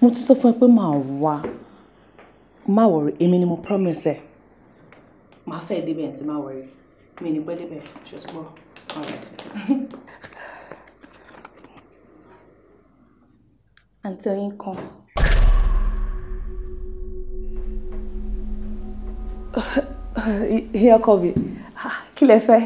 mo tún sọ fún ẹ pé màá wá má wọrí èmi ni mo promise ẹ màá fẹ́ débẹ̀ ẹ̀ tí má wọrí mi ní pẹ́ débẹ̀ ṣùgbọ́n ọ̀rẹ́. àǹtí oyin kan. ìyá ọkọ mi kí lẹ fẹ́.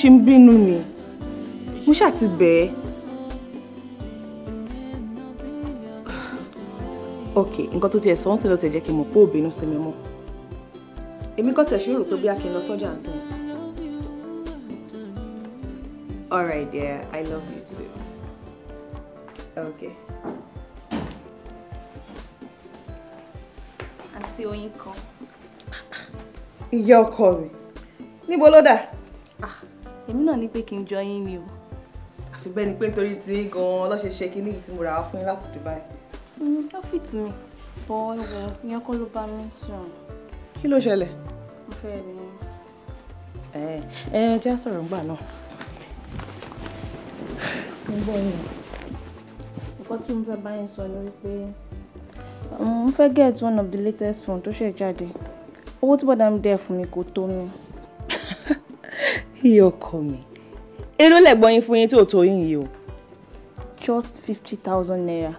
ṣe ń bínú ni mo ṣáà ti bẹ̀ ẹ́. ok nǹkan tó tiẹ̀ sọ ń sìn ló ti jẹ́ kí n mọ̀ pé ò sí mi mọ́ èmi kọ́ tẹ̀sí rò pé bí a kì í lọ sọ́jà ń tàn. all right dear i love you too. okay. àti oyin kan. ìyá ọkọ mi níbo ló dà èmi náà ní pé kí n jọ yín ni o. ṣùgbọ́n ni pé nítorí tí gan-an lọ́sẹ̀ ṣe kínní tí mo rà á fún yín láti Dubai. ó mm, fit mi bọ́ ẹ̀wọ̀ ìyẹn kọ́ ló bá mi sùn. kí ló ṣẹlẹ̀? mo fẹ́ rí i. ẹ ẹ jẹ́ sọ̀rọ̀ ńgbà náà. mo gbọ́ yín. nǹkan tí mo fẹ́ bá yín sọ ni wípé mo fẹ́ get one of the latest phone tó ṣẹ̀ jáde owó tí bọ́dà mi dẹ̀ fún mi kò tó mi iye ọkọ mi èrò lẹ́gbọ́n yín fún yín tí ò tó yín yìí o. just fifty thousand naira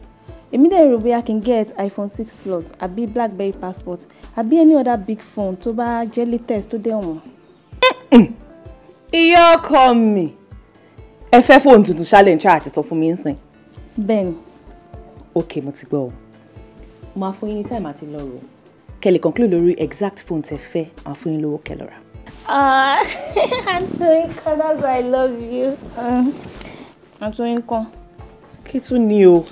èmi dẹ̀ rò bóyá kí n get iphone six plus àbí blackberry passport àbí any other big phone tó bá jẹ́ latest tó dẹ̀ wọ̀n. iye ọkọ mi ẹ fẹ́ fóònù tuntun challenge àti sọ fún mi ń sìn. bẹ́ẹ̀ni. ok mo ti gbọ́ o máa fún yín ní time àti lọ́rùn kẹ́ conclude lórí exact phone tẹ́ fẹ́ máa fún yín lówó kẹ́ Ah, Antoinkan, that's I love you. Um, ah, Antoinkan, con. tún ni o?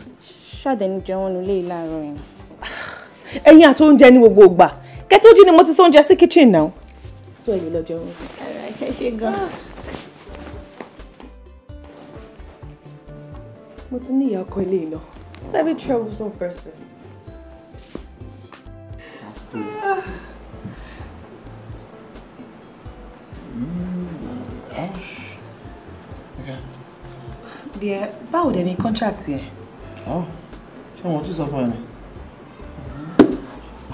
Ṣàdẹ̀ni jẹun nílé ìlàrọ̀ yẹn. Ah, Ẹyin àti oúnjẹ ní gbogbo ìgbà. Kẹ́ tó jí ni mo ti sọ oúnjẹ sí kitchen náà. Sọ èyí lọ jẹun. Ara ẹ ṣe gan. Ah. Mo ti ní ìyá ọkọ ilé ìlọ. Very troublesome person. bí mm, ẹ báwo dẹ̀ ni contract yẹn. Oh, ṣé wọn tún sọ fún ẹ ni.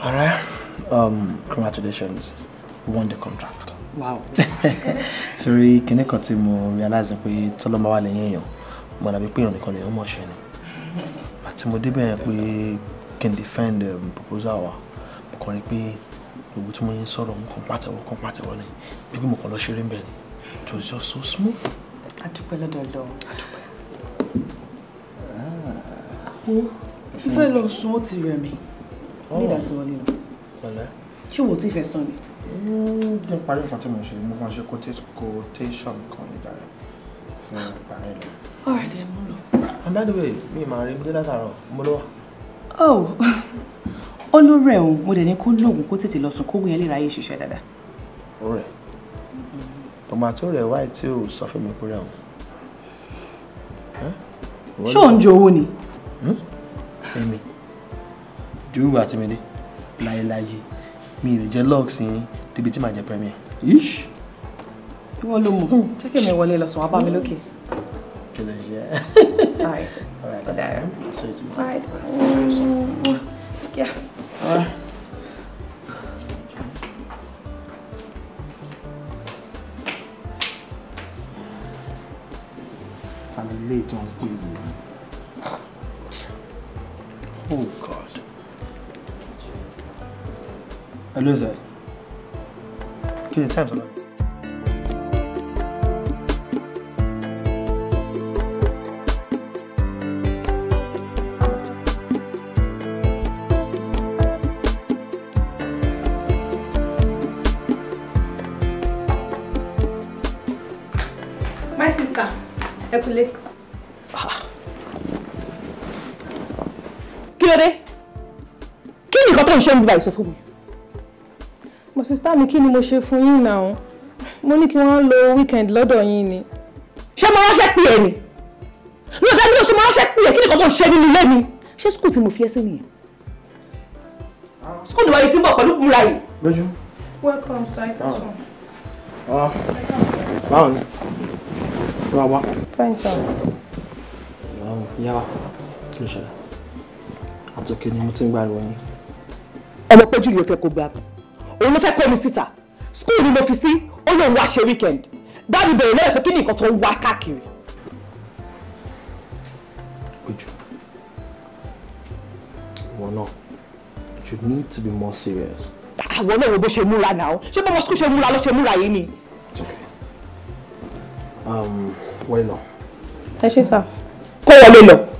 Alright, um, congratulations, you won the contract. Wow. Sorry, kìíní kan tí mo realize pé tọ́lọ́mọ wà lẹ́yìn èèyàn, mo dàbí pé ìrànlẹ́kan lèèyàn mọ̀ ṣe ni. Àti but débẹ̀ yẹn pé kí n defend the um, proposal gbogbo tí mo yẹn sọ̀rọ̀ mo kàn pàtẹ́wọ́ kàn pàtẹ́wọ́ ni bíbí mo kàn lọ ṣeré ń bẹ̀ ni it was just so smooth. adúpẹ́ lọ́dọọdọ. adúpẹ́. wo ah. ìfẹ́ lọ sùn ó ti rẹ̀ mí nígbà tí wọ́n lè lọ. ṣé wo ti fẹ́ sọ ni. Hmm, jẹ́ parí nǹkan tí mo ṣe mo kàn ṣe quotation kan nígbà rẹ̀ fún parí rẹ̀. ọ̀rẹ́dẹ̀ mo lọ. and by the way mi ì máa rí mi dé látàárọ̀ mo lọ wà. oh. ó ló rẹ̀ òun mo dẹ̀ ní kó lóògùn kó tètè lọ sùn kó wíyẹn lè ráyè ṣiṣẹ́ dáadáa. ó rẹ̀ tòmátò rẹ̀ wáyé tí ò sọ fún mi pé rẹ̀ òun. ṣé ò ń jẹ owó ni. Hmm? èmi jùwà àti mi dé láyéláyé mi ì lè jẹ lọ́ọ̀sì yín débi tí màá jẹ premier. bí wọ́n ló mọ̀ jẹ́ kí wọlé lọ sùn wá bá mi lókè. Yeah. kí ló ń sẹ́yìn me ni time My sister, ẹ kúlé. Kí ló dé? Kí ni mi? sista mi kí ni mo ṣe fún yín náà mo ní kí wọ́n lo weekend lọ́dọ̀ yín ni. ṣé mo ránṣẹ́ pè é ni mi ò dá mi ló ṣe mo ránṣẹ́ pè é kí ni kò tó ń ṣe nínú ilé mi ṣé skul tí mo fi ẹ́ sí nìyẹn skul wáyé tí mo pẹ̀lú kúmúra yìí. lójú. welcome sir. Ah. Ah. báwo ni ló wá wá. fine sir. ìyá wa kí ló ṣẹlẹ̀ àtòkè ni mo ti ń gbàlùwẹ̀ yín. ẹ mọ̀ pé jùlọ fẹ́ kó gbà mí òun ló fẹ́ kó mi síta school ni mo fi sí ó lóun wá ṣe weekend dábì bẹ̀rẹ̀ lọ́yẹ̀ pé kí ni nǹkan tó ń wá káàkiri. ojú wọn náà you need to be more serious. àwọn náà wo bó ṣe múra náà ṣé bọ́mọ school ṣe múra ló ṣe múra yìí ni. Um, wọ́n lọ. ẹ ṣe sá. kó wọlé lọ.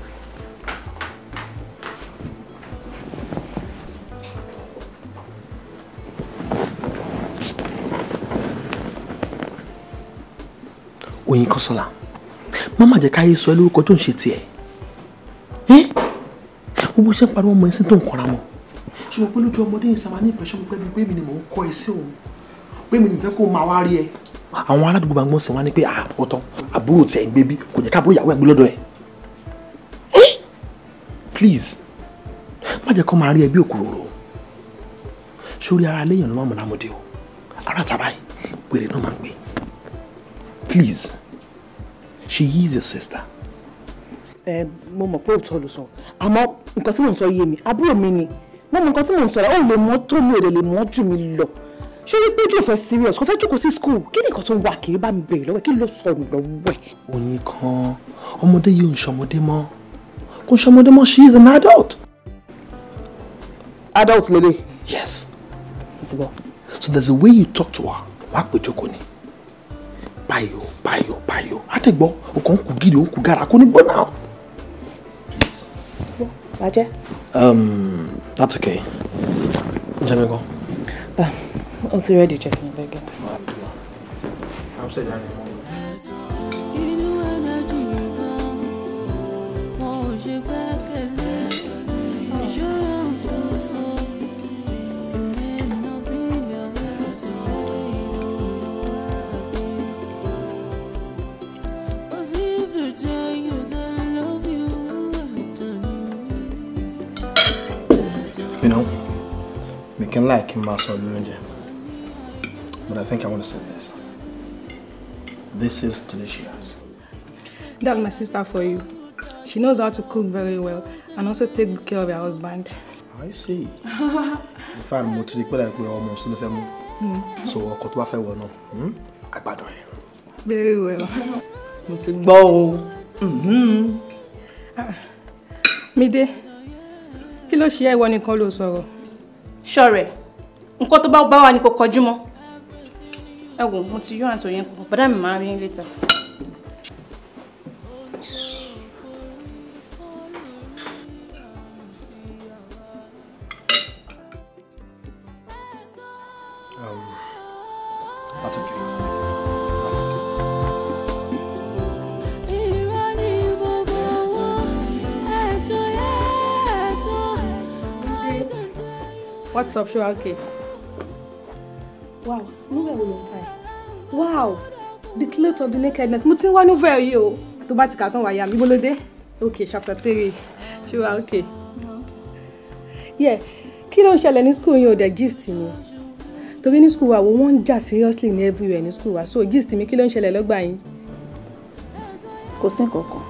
Oyin Kọ́sọ́lá mama jẹ́ káyé sọ ẹ́ lórúkọ tó ń ṣe tiẹ̀ ẹ́ gbogbo ṣe ń pariwo ọmọ ẹ̀sìn tó ń kọ́ra mọ́ ṣùgbọ́n pé lójú ọmọdé yìí sàmà ní ìpẹ́ṣọ́ gbogbo ẹbí pé mi ni mò ń kọ́ ẹ sí òun pé mi nìfẹ́ kó máa wá rí ẹ. àwọn aládùúgbò máa ń gbọ́n sí wọn ni pé àpótán ah, àbúrò tẹ̀ ń gbé bí kò jẹ́ káàbúrò ìyàwó ẹ̀ gbé lọ́dọ̀ ẹ̀. please má jẹ́ kó máa rí ẹ bí òkúròrò sórí ara léèyàn ló má mọ̀ o ara tàbá ẹ̀ pèrè náà máa ń gbé please she is your sister. ẹ mo mọ̀ pé òótọ́ ló sọ àmọ́ nǹkan tí mò ń sọ yé mi àbúrò mi ni mo mọ̀ nǹkan tí mò ń sọ rẹ̀ ó lè mọ́ tó mi ò lè lè jù mí lọ ṣé wípé ojú ìfẹ́ serious kò fẹ́ jókòó sí school kí ni nǹkan tó ń wà kiri bá mi bèrè lọ́wọ́ kí ló sọ mi lọ́wọ́ ẹ̀. oyin kan ọmọdé yìí ò ń ṣọmọdé mọ́ kò ń ṣọmọdé mọ́ she is an adult. adult lele. yes. so there's a way you talk to her wàá pè jókòó ni báyọ̀ báyọ̀ báyọ̀ àtẹ̀gbọ́ ọkàn kù gidi òkú gara kò ní gbọ́n náà. bàjẹ́. um that's okay jẹ́ mi kọ́. o ah, ti ready. jẹ́ fún mi lẹ́gẹ̀ẹ́. inú ẹ̀dájú ìbọn wọn ò ṣe gbẹ́kẹ̀lé You know, we can like him as but I think I want to say this. This is delicious. That's my sister for you. She knows how to cook very well and also take good care of her husband. I see. In fact, mo ti rí pé like almost ló fẹ́ mú. So ọkọ tó bá fẹ́ wọ̀ náà. Hmm? Agbádùn Very well. Mo Hmm. gbọ́ o. Mhm kí ló ṣe ẹ́ ìwọ nìkan ló sọ̀rọ̀. ṣọ̀rẹ̀ nǹkan tó bá bá wa ni kò kọjú mọ́. ẹ wò mo ti yọ àtòyìn kù bàdá mi máa rí yín later. What's up, Sugar Cake? Wow, novel wo ló ń Wow, the clothes of the nakedness. Mo ti ń wá you? To o. Tó bá ti kà tán wáyà Okay, chapter three. Sugar Cake. Yeah, kilo ló ń ní school yìí o, the gist mi? Torí ní school wa wo wọ́n ń jà seriously ní everywhere ní school wa. So gist mi kí ló ń ṣẹlẹ̀ lọ́gbà yín? Kò sí nǹkan kan.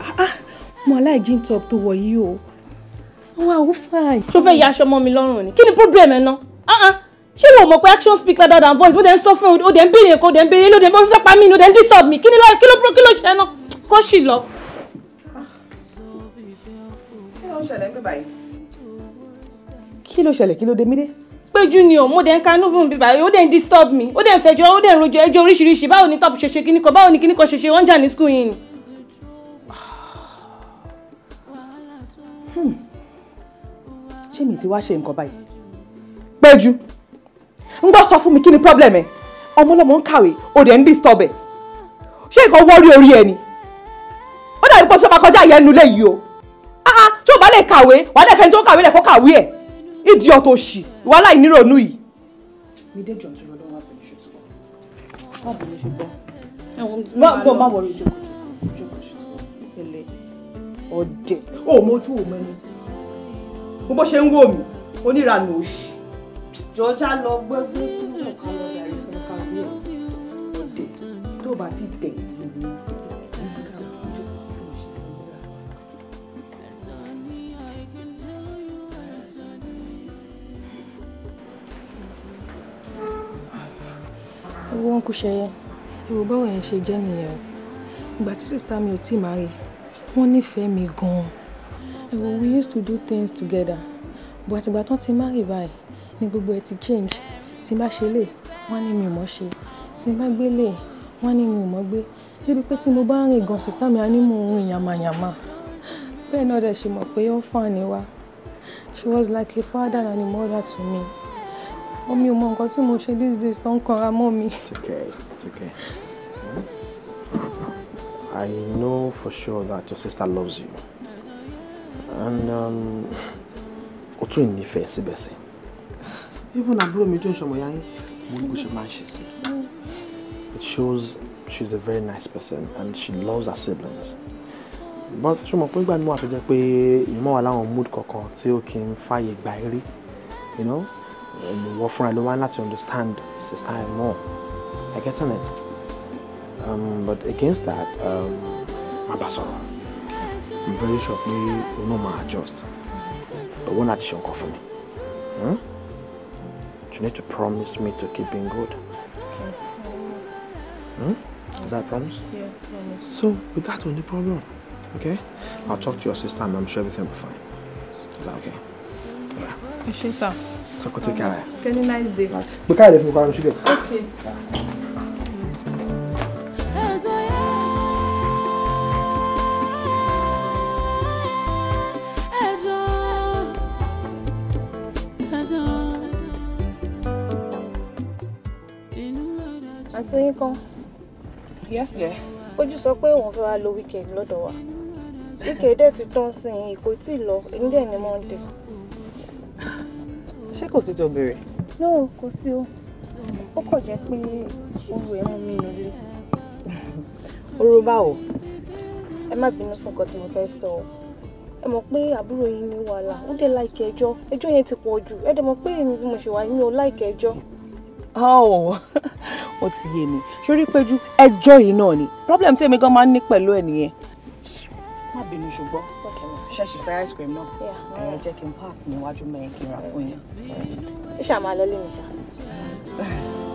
Ah, ah, mo aláìjí ń tọ́ tó wọ̀ yìí o àwọn àwòfà yìí. tó fẹ́ ya aṣọ mọ́ mi lọ́rùn ni kí ni problem ẹ̀ ná ah, ah. ṣé wo mọ̀ pé action speak louder than voice bó dẹ̀ ń sọ o dẹ̀ ń béèrè nǹkan o dẹ̀ ń béèrè ilé pa mí ni o disturb mi kí ni lọ́ọ̀ kí ló kí ló ṣe ná kó kí ló ṣẹlẹ̀ kí ló dé mí dé péjú ni mo dẹ̀ ń ka núfún bíbá o dẹ̀ ń disturb mi o dẹ̀ ń fẹjọ́ o dẹ̀ ń rojọ́ ẹjọ́ oríṣiríṣi báwo ni top ṣoṣo kíní kan báwo ni kíní kan ṣoṣo wọ́n jà ní skul yìí ni. Hmm ṣé mi ti wá ṣe nǹkan báyìí Péjú ń gbọ́ sọ fún mi kí ni problem ẹ ọmọ ọlọ́mọ ń kàwé ó dẹ̀ ń disturb ẹ ṣé nǹkan wọ́ọ́rí orí ẹ ni ó dàbí pé ṣé máa kọjá ìyẹn nulẹ̀ yìí o áá tí o bá lè kàwé wàá dẹ̀ fẹ́ni tó kàwé lẹ̀ kó kàwé ẹ̀ ìdí ọ̀tọ̀ òṣì ìwà láì níròónú yìí. mi dé jọ̀ọ́ ìṣòro lọ́wọ́ àbẹ̀lẹ̀ ṣùgbọ́n wọ́n àbẹ̀lẹ̀ ṣùgbọ́n ẹ̀wọ̀n má wọlé jókòó jókòó ṣùgbọ́n ẹ̀lẹ́ ọ̀dẹ̀ òmójú òmẹ́ni bó bó ṣe ń wò mí oníranù òṣì. jọjá lọ gbọ́ sí ìtàn kan lọ dàrí fún kàmí ọ̀ tó bá ti tẹ̀. owó ń kú ṣẹyẹ irú báwo yẹn ṣe jẹ́ nìyẹn o ìgbà tí sísá mi ò tí ì máa rí wọ́n nífẹ̀ẹ́ mi gan ẹ̀wọ̀ we used to do things together but àtìgbà tán ti marry báyìí ni gbogbo ẹ ti change tí n bá ṣe lè wọ́n ní mi ò mọ̀ ṣe tí n bá gbé lè wọ́n ní mi ò mọ̀ gbé débi pé tí mo bá rìn gan sista mi á ní mò bẹ́ẹ̀ náà dẹ̀ ṣe mọ̀ pé ó fàn ní wa she was like a father and a mother to me omi ò mọ nǹkan tí mo ṣe these days tó ń kanra mọ́ mi. okay okay hmm? I know for sure that your sister loves you and um, o tún the síbẹ̀ sí. even àbúrò mi tó ń ṣọmọ yáyé mo it shows she's a very nice person and she loves her siblings but ṣé mo pé ìgbà mi wà tó jẹ́ pé ìmọ̀ wà mood kankan tí ó kì í fààyè gba eré you know ìwọ fúnra ló wá láti understand sister ẹ more I get it um, but against that um, my bá I'm very sure pé o náà máa adjust But náà ti ṣe nǹkan fún mi hmm? you need to promise me to keep being good. Okay. Hmm? Is that a promise? Yeah, promise. So with that only problem, okay? I'll talk to your sister and I'm sure everything will be fine. Is that okay? Yeah. Yes, sir. So go take care. Have a nice day. Look at it Okay. Yeah. tó kan. yes dear. ojú sọ pé òun fẹ́ wá lo weekend lọ́dọ̀ wa weekend dẹ̀ ti tán sí i kò tí ì lọ nílẹ̀ ní monday. ṣé kò sí tó béèrè. no kò sí o ó kàn jẹ́ pé oru ẹ̀ mú mi nílé. oru báwo. ẹ má bínú fún nǹkan tí mo fẹ́ sọ o ẹ mọ̀ pé àbúrò yín ní wàhálà ó dé láìkẹ́ ẹjọ́ ẹjọ́ yẹn ti pọ̀ jù ẹ dẹ̀ mọ̀ pé èmi bí mo ṣe wà yín o láìkẹ́ ẹjọ́. Oh, ó ti yé mi sórí péjú ẹjọ́ yìí náà ni problem tí èmi gan máa ń ní pẹ̀lú ẹ̀ nìyẹn má bínú ṣùgbọ́n ṣẹ́ẹ̀ṣì fẹ́ ice cream náà ẹ̀rọ jẹ́ kí n park níwájú mẹ́rin kí n ra fún yẹn. ẹ ṣáà máa lọ lé mi ṣá.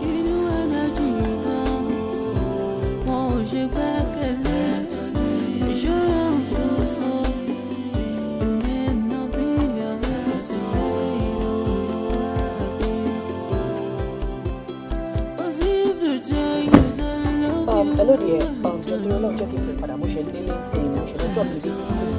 inú ẹlẹ́jù gan-an wọn ò hello dear ọjọ́ tó lọ́wọ́ jẹ́ kí n pè padà bó ṣe ń délé ń sìn mo ṣe lọ́jọ́ mi dé sí school.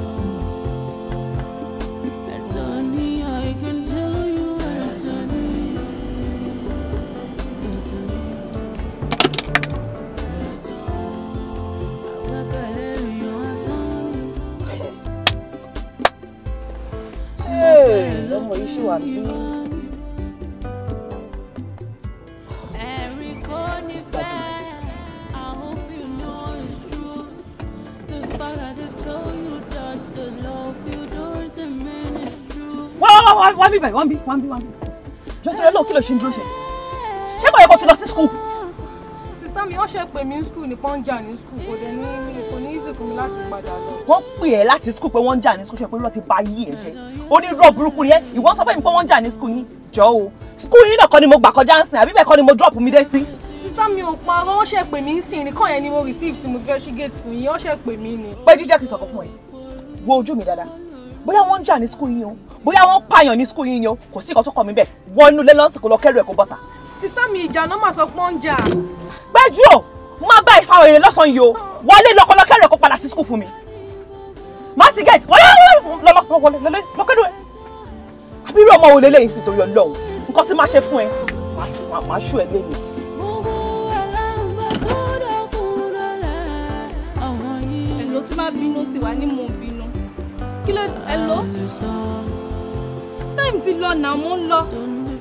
Hey, ọmọ yìí ṣì wà nínú. wá bí báyìí wá bí wá bí wá bí jọjọ ẹ lọ kí ló ṣe ń dúró ṣe ṣé kò yẹ kó ti lọ sí skul. sista mi wọ́n ṣe pè mí ní skul ní pọ́n jà ní skul kò dẹ̀ ní kò ní easy fún mi láti padà lọ. wọ́n pè ẹ́ láti skul pé wọ́n ń jà ní skul ṣe pé lọ́ọ́ ti ba yí ẹ̀ jẹ́ ó ní rọ burúkú ni ẹ́ ìwọ sọ fún mi pé wọ́n ń jà ní skul yín jọ o skul yín náà kọ́ ni mo gbà kọjá ń àbí bẹ́ẹ̀ kọ́ ni mo drop mi dé sí sista mi ò parọ́ wọ́n ṣe pè mí ń sìn nìkan yẹn ni mo receive tí mo fẹ́ ṣí gate fún yín wọ́n ṣe pè mí ni. pé jíjẹ́ kìí sọ̀kọ̀ fún ẹ wo ojú mi dáadáa bóyá wọ́n ń jà ní skul yín o bóyá wọ́n pààyàn ní skul yín o kò sí nǹkan tó kọ mi bẹ́ẹ̀ wọnú ilé lọ́sìn kò lọ kẹ́rù ẹ̀ kó bọ́ta. sista mi ìjà náà mà sọ pé ó ń jà. gbẹ́jú o má bá ìfà òyìnbó lọ́sàn-án yìí o wọlé lọ́kọ́ lọ ẹ̀ kó padà sí skul fún mi. má ti wọlé lọ́lọ́ lọ́kẹ́rù ẹ̀. àbí kí ló ẹ lọ time ti lọ náà mo ń lọ.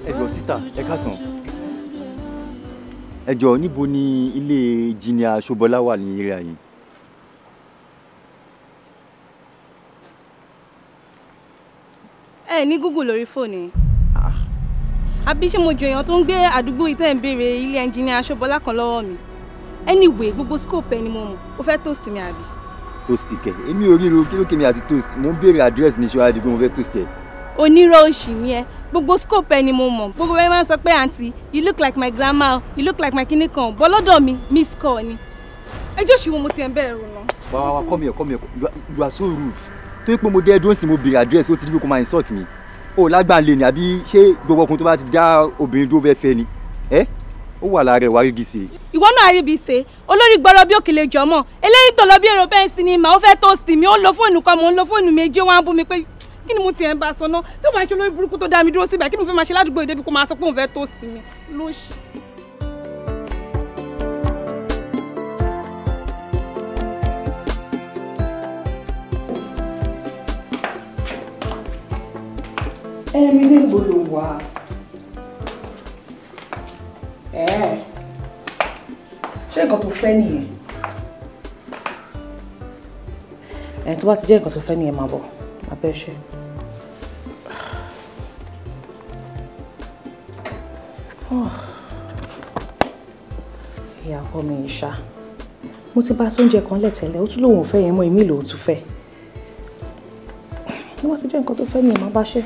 ẹ jọ̀ọ́ sísà ẹ káàsán ẹ jọ̀ọ́ níbo ni ilé jìnnìà ṣọbọlá wà ní eré ayé. ẹ ní google lórí fóònù yìí àbí ṣé mo jọ èèyàn tó ń gbé àdúgbò ìtẹ́ ń béèrè ilé ẹnjìnìà ṣọbọlá kan lọ́wọ́ mi anyway gbogbo scope ẹ ni mo mọ̀ ó fẹ́ toast mi àbí toast kẹ èmi ò ríro kí ló kémi àti toast mo ń béèrè àdírẹ́sì ní ṣọ́ra dìgbò mo fẹ́ toast ẹ. onírọ̀ òṣì ni ẹ gbogbo scope ẹ ni mo mọ̀ gbogbo ẹ máa ń sọ pé àǹtí you look like my grandma you look like my kinní kan bọ́ lọ́dọ̀ mi miss call ni ẹjọ́ òṣìwò mo ti ẹ̀ ń bẹ̀rù lọ. wà wà wà come here come here you are so rude tó yẹ pé mo dé ẹdún sí mo béèrè àdírẹ́sì ó ti dúró kó máa insult mi o lágbàá lè ní àbí ṣé gbogbo ọkùnrin tó bá ti dá obìnrin dúró fẹ́ fẹ́ ni ẹ́ ó wà lára ẹwà rígi ṣe. ìwọ náà ríbi ṣe olórí gbọ́rọ̀ bí òkèlè jọmọ eléyìí tó lọ bí èrò bẹ́ẹ̀ sí ni mà ó fẹ́ tó sì mí ó ń lo fóònù kan mò ń lo fóònù méjì wọn á bú mi pé kí ni mo tiẹ̀ ń bá a sọ náà tó máa ṣe olórí burúkú tó dá mi dúró síbẹ̀ kí ni mo fẹ́ máa ṣe ládùúgbò ìdẹ́bí kó máa sọ pé òun fẹ́ tó sì mí lóṣì. ẹ̀mí lè gbọ́dọ̀ wá. ṣé nǹkan tó fẹ́ nìyẹn. ẹ̀ tó bá ti jẹ́ nǹkan tó fẹ́ nìyẹn máa bọ̀ abẹ́ ṣe. ìyàwó mi ìṣá mo ti bá sóúnjẹ kan lẹ́tẹ̀lẹ̀ ó tún lòun ò fẹ́ yẹn mọ́ èmi lòun tún fẹ́. tó bá ti jẹ́ nǹkan tó fẹ́ nìyẹn máa bá ṣe.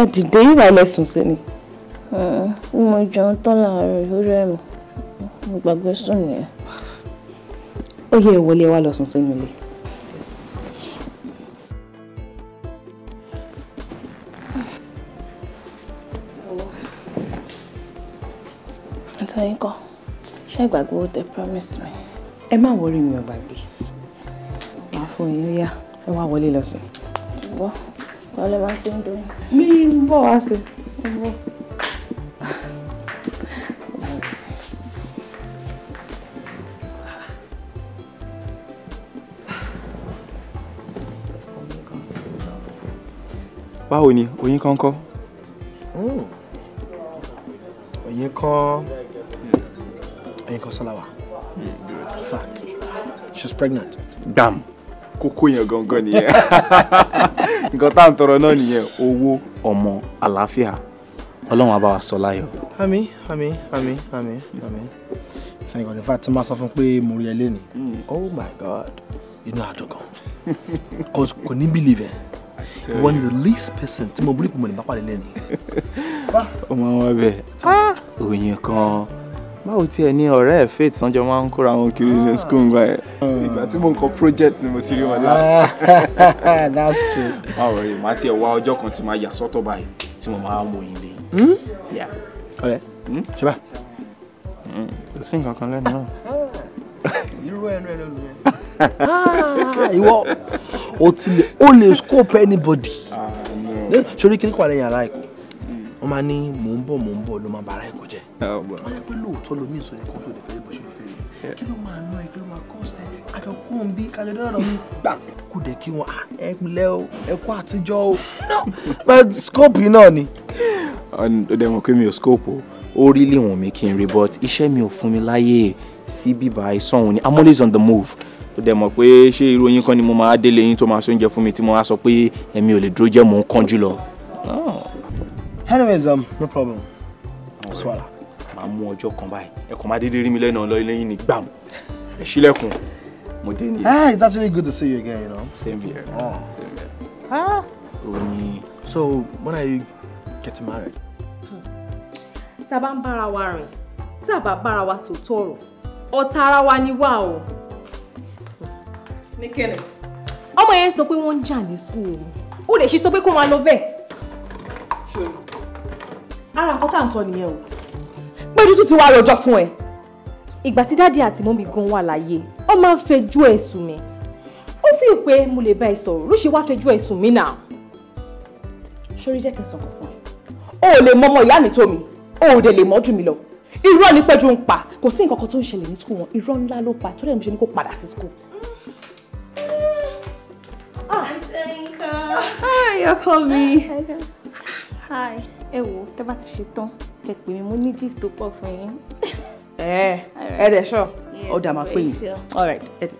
ẹ dìde ìwà ẹlẹ́sùn sí ni. mo jẹun tán láàárọ̀ lórí ẹ̀mọ́ mo gbàgbé sùn nìyẹn. ó yẹ ìwọlé wa lọ sùn sínú ilé. àtọyìn kan ṣé ìgbàgbé ó tẹ promise mi. ẹ má wọrí mi ò gbàgbé màá fún yín yá ẹ wá wọlé lọ sùn. wọ́n wọ́n lè máa ṣe ń dùn. mi ń bọ̀ wá sí i ń bọ̀. báwo ni oyin kan kọ́. Hmm. oyin kọ́ oyin kọ́ sọ́láwà fact she's pregnant. dam kókó yẹn gangan nìyẹn. nǹkan tá à ń tọrọ náà nìyẹn owó ọmọ àlàáfíà ọlọ́run á bá wa sọ láyọ̀. àmín àmín àmín àmín àmín thank God in fact tí máa sọ fún pé mo rí ẹ lẹ́nu hmm. oh my God inú àdùnkàn kò ní believe ẹ ìwọ ni the least person tí mo believe mo lè bá pàdé lẹ́nu. ó máa ń wá ah! kan báwo tiẹ̀ ni ọ̀rẹ́ ẹ̀ faith tán jọ máa ń kóra wọn kiri ní ah. school ngba ẹ̀ ìgbà tí mo ń kọ project ni mo ti rí wọn last. that's true. má wọ rẹ màá tiẹ̀ wá ọjọ́ kan tí màá yà sọ́tọ̀ báyìí tí mo máa mọ yín lé. Hmm? ọ̀rẹ́ hmm? ṣọba kò sí nǹkan kan lẹ́nu náà. Ah, irú ẹnu ẹnu lu yẹn. Ah, ìwọ o ti lè o lè scope anybody sórí kiri kọ́ àlẹ́ yàrá ẹ̀kọ́ wọ́n máa ní mò ń bọ̀ mò ń bọ̀ ló máa bára ẹ̀kọ́ jẹ́. Ah, wọ́n yẹ pé lóòótọ́ lomi ìsọ ẹ̀kọ́ tó lè fẹ́ bó ṣe lè fẹ́ kí ló máa ná ẹ ló máa kọ́ ṣe àjọ kú òun bí kájọ dọ́dọ̀ mi gbà kú dẹ̀ kí wọn ah, ẹ pẹ̀lẹ́ o ẹ àtijọ́ o but scope náà ni. ọ̀dẹ̀ wọn pé mi ò scope o ó rí lè mi kí n rí but iṣẹ́ mi ò fún mi láyè sí bíbá ìsọ̀hún ni I'm always ó dẹ̀ mọ̀ pé ṣé irú oyin kan ni mo máa délé yín tó máa ṣoúnjẹ fún mi tí mo wá sọ pé èmi ò lè dúró jẹ́ mò ń kánjú lọ. Ah anyways um no problem. swala màá mú ọjọ́ kan báyìí ẹ kò má dédé rí mi lẹ́nu ọlọ́ ilé yín ní gbàm ẹ ṣílẹ̀kùn mo dé ní. ah it's actually good to see you again you know. same here. Oh. same here. ah. oyin so when are you getting married. tá a bá ń bára wa rìn tá a bá wa sòótọ́ ọ̀rọ̀ ọ̀tá ara wa ni wá o. ní kíni. ọmọ yẹn sọ pé wọ́n ń jà school. sùúrù ó lè ṣe sọ pé kó máa lọ bẹ́ẹ̀ ara nǹkan tá à ń sọ nìyẹn o. péjú tún ti wá rọjọ fún ẹ. ìgbà tí dáàdi àti mọ́mí gan wà láyé ó máa ń fẹjú ẹ sùn mi ó fi pé mo lè bá ẹ sọ̀rọ̀ ló ṣe wá fẹjú ẹ sùn mí náà. sórí jẹ́ kẹsàn kan fún ẹ. o ò lè mọmọ ìyá mi tó mi o ò dẹ̀ lè mọ́jú mi lọ irọ́ ni péjú ń pa kò sí nǹkan kan tó ń ṣẹlẹ̀ ní sukùl wọn irọ́ ńlá ló pa tó dẹ̀ mo ṣe ní kó padà sí sukùl. Hi, you're calling me. Hi ẹ wo tẹ bá ti ṣe tán kẹ pè mí mo ní gist tó pọ̀ fún yín. ẹ ẹ dẹ sọ ọ máa pè yín all right ẹ tètè.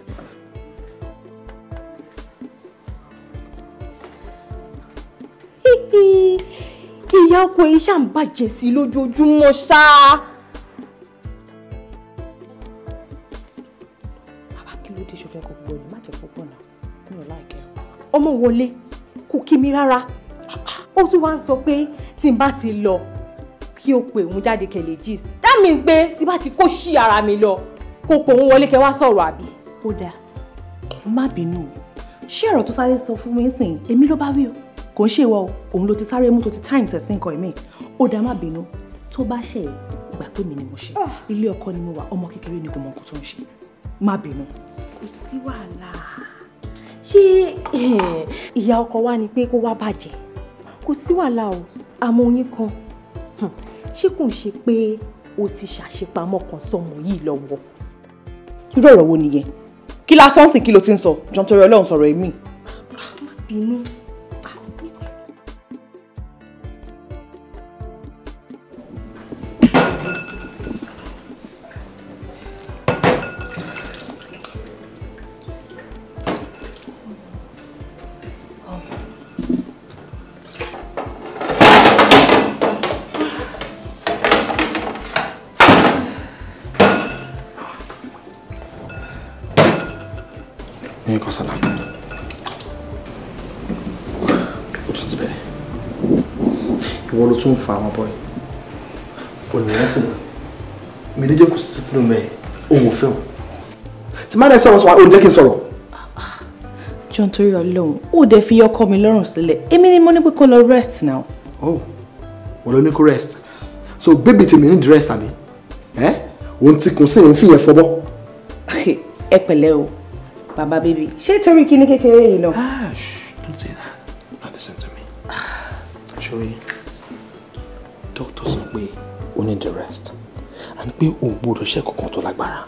ìyá ọkọ yìí ṣáà ń bàjẹ́ sí i lójoojúmọ́ ṣáá. bàbá kí ló dé ṣe fẹ́ kó gbọ́ ni má jẹ́ púpọ̀ náà mi ò láìkẹ́. ọmọ wọlé kò kí mi rárá ó tún wá ń sọ pé tí n bá ti lọ kí o pè òun jáde kẹlẹ gist that means pé tí bá ti kó sí ara mi lọ kó pè òun wọlé kẹ wá sọ̀rọ̀ àbí. ó dáa má bínú ṣé ọ̀rọ̀ tó sáré sọ fún mi ń sìn èmi ló bá wí o kò ń ṣe ìwọ òun ló ti sáré mú tó ti times ẹ̀sìn kan ẹ̀mí ó dáa má bínú tó bá ṣe ìgbà pé mi ni mo ṣe ah. ilé ọkọ ni mo wà ọmọ kékeré ni kò mọ nǹkan tó ń ṣe má bínú. kò sí wàhálà ṣé eh, ìyá ọkọ wa ni pé kó wá bàjẹ́ kò sí wàhálà o àmọ́ oyin kan hmm. ṣé kò ń ṣe pé o ti ṣàṣepamọ́ kan sọmọ yìí lọ́wọ́. irú ọ̀rọ̀ wo nìyẹn kí lásán sì kí ló ti ń sọ jọ̀ǹtorí ọlọ́run sọ̀rọ̀ èmi. Ah, bínú farmer boy òní ẹ̀sìn mi ló jẹ́ kó sí sínú mẹ́ẹ̀ òun ò fẹ́ o tí má dẹ̀ sọ̀rọ̀ sọ̀rọ̀ òun jẹ́ kí n sọ̀rọ̀. john torí ọlọ́run ó dẹ̀ fi ọkọ mi lọ́rùn sílẹ̀ èmi ni mo ní pé kó lọ rest now. oh wọ́n ló ní kó rest so baby tèmi need rest àbí ẹ́ eh? òun ti kùn sí òun fi yẹn fọbọ́. ẹ pẹ̀lẹ́ o bàbá bébí ṣé torí kíní kékeré yìí náà. ah shh don't say that Not listen to me. Ah. sori. you pé o need the rest and pé o gbọ́dọ̀ ṣe kankan tó lágbára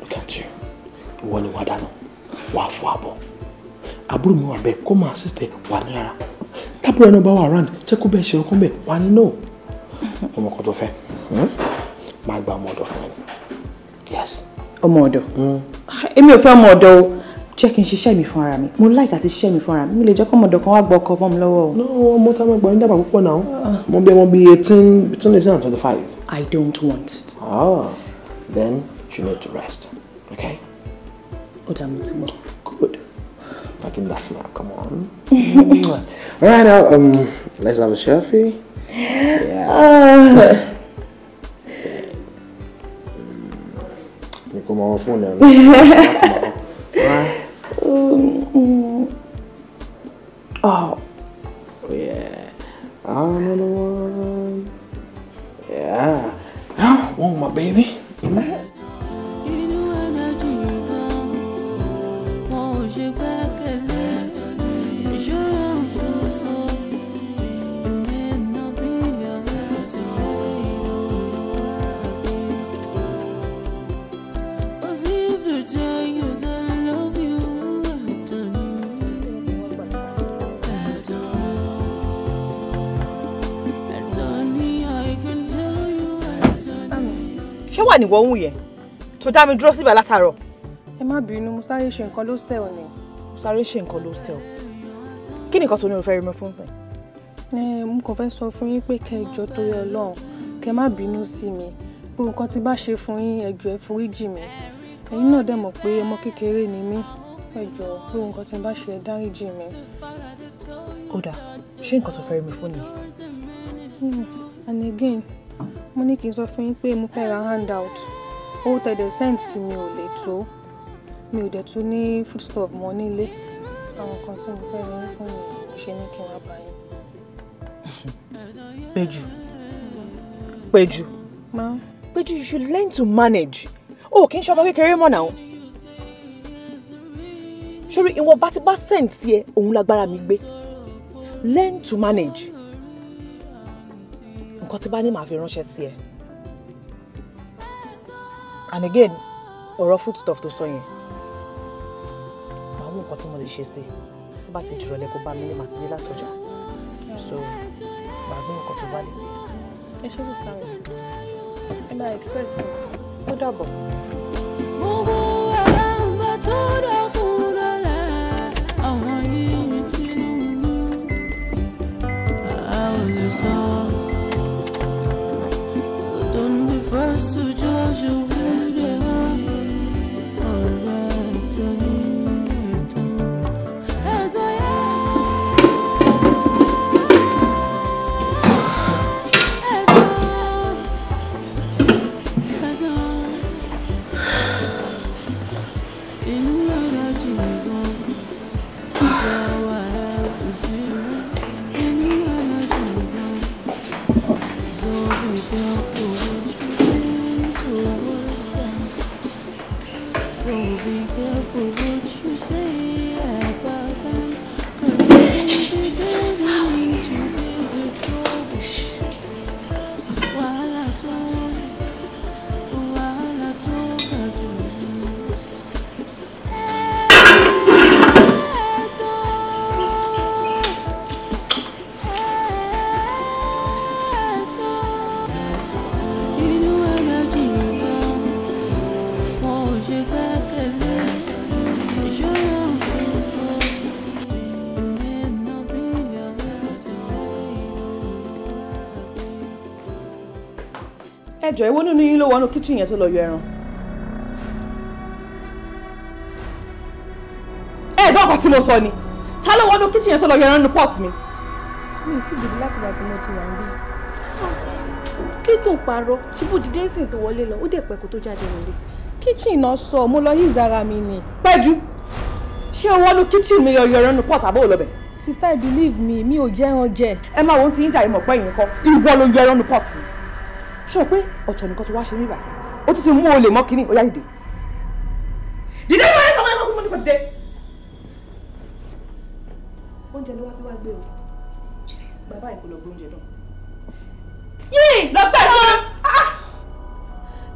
look at you ìwọ ni wàá dáná wàá fọ àbọ̀ àbúrò mi wà bẹ́ẹ̀ kó máa sísè wà ní rárá tábìlì ẹni ọba wà round jẹ́ kó bẹ́ẹ̀ ṣe ọkàn bẹ́ẹ̀ wà ní no ọmọ kan tó fẹ́ hmm? máa gba ọmọ ọ̀dọ̀ fún ẹ yes. ọmọ ọ̀dọ̀ hmm. èmi ò fẹ́ ọmọ ọ̀dọ̀ o jẹ́ kí n ṣiṣẹ́ mi fúnra mi mo láìka ti ṣiṣẹ́ mi fúnra mi mi lè jẹ́ kó ọmọdé kan wá gbọ́ ọkọ bọ́ mi lọ́wọ́ o. no ọmọ tá a máa gbọ́ ní dábàá púpọ̀ náà ah. mo bí ọmọ bíi eighteen twenty-seven and twenty-five. I don't want it. ah then she need to rest okay. ó dá mi ti mọ. good I think that's my come on. all right now um, let's have a selfie. Ah. Yeah. Uh... Ni como fúnebre. oh, yeah. Another one. Yeah. Now, oh, Want my baby. Mm. ṣé wà ní wọ́hùn yẹn tó dá mi dúró síbẹ̀ látàárọ̀. ẹ má bínú mo sáré ṣe nǹkan lóstẹ̀ ò ní. mo sáré ṣe nǹkan lóstẹ̀ ò kí nìkan tó ní o fẹ́ rí mi fún sìn. ẹ mo kàn fẹ́ sọ fún yín pé kẹ́ ẹ jọ torí Ọlọ́run má bínú sí mi gbogbo nǹkan tí bá ṣe fún yín ẹ jọ̀ọ́ ẹ foríjì mi náà dẹ̀ mọ̀ pé ọmọ kékeré ni mí ẹ gbogbo nǹkan tí bá ṣe ẹ dáríjì mi. kódà ṣé nǹkan tó fẹ́ rí mi fún nìyẹn. Hmm, and again mo ní kí n sọ fún yín pé mo fẹ́ ra handout owó tẹ̀dẹ̀ send sí mi ò lè tó mi ò dẹ̀ tún ní foodstuff mọ́ nílé àwọn kan tí mo fẹ́ ra yín fún mi ṣe ní kí n wá bá yín. Péjú Péjú Péjú you should learn to manage o kì í ṣe ọmọ kékeré mọ́ náà sórí ìwọ̀n bá ti bá send sí ẹ òun lágbára mi gbé learn to manage nǹkan tí bá ní màá fi ránṣẹ́ sí ẹ and again ọ̀rọ̀ food stuff tó sọ yẹn màá wò nǹkan tí mo lè ṣe sí i bá ti jùrọ̀ lẹ́kọ̀ọ́ bá mi ní màá ti dé láti ọjà so màá gbé nǹkan tó bá lè. ẹ ṣe sísá mi ẹ máa expect ó dàbọ̀. gbogbo àgbà tó dé. feel jọ èwo nínú yín ló wọnú kíchìn yẹn tó lọ yọ ẹran. ẹ gbọ́ ọkọ tí mo sọ ni ta ló wọnú kíchìn yẹn tó lọ yọ ẹran nínú pot mi. mi ò tí ì dìde láti ìgbà tí mo ti wà níbí. Ah, kí tó ń parọ́ ṣubú dídé sì tó wọlé lọ ó dẹ̀ pẹ́ kó tó jáde wọlé. kíchìn náà sọ mo lọ yí ìzára mi ni. pẹ́jú ṣé o wọnú kíchìn mi yọ ẹran nínú pot àbó olóbẹ̀ sister believe me mi ò jẹ́ran jẹ. ẹ máa wo ohun tí yín jà ìmọ̀ pẹ́yìn kọ́ ìwọ ló yọ ẹran nínú pot mi ṣé o pé ọ̀tọ̀ nìkan tó wá ṣe níbàyí ó ti ti mú olè mọ́ kínní ó yá ìdè. dìde máa ń sọ wọn kó nípa dìde. oúnjẹ ló wá fi wá gbé o bàbá ẹ̀ kò lọ gbé oúnjẹ náà. yìí lọ gbẹ lọ. Ah!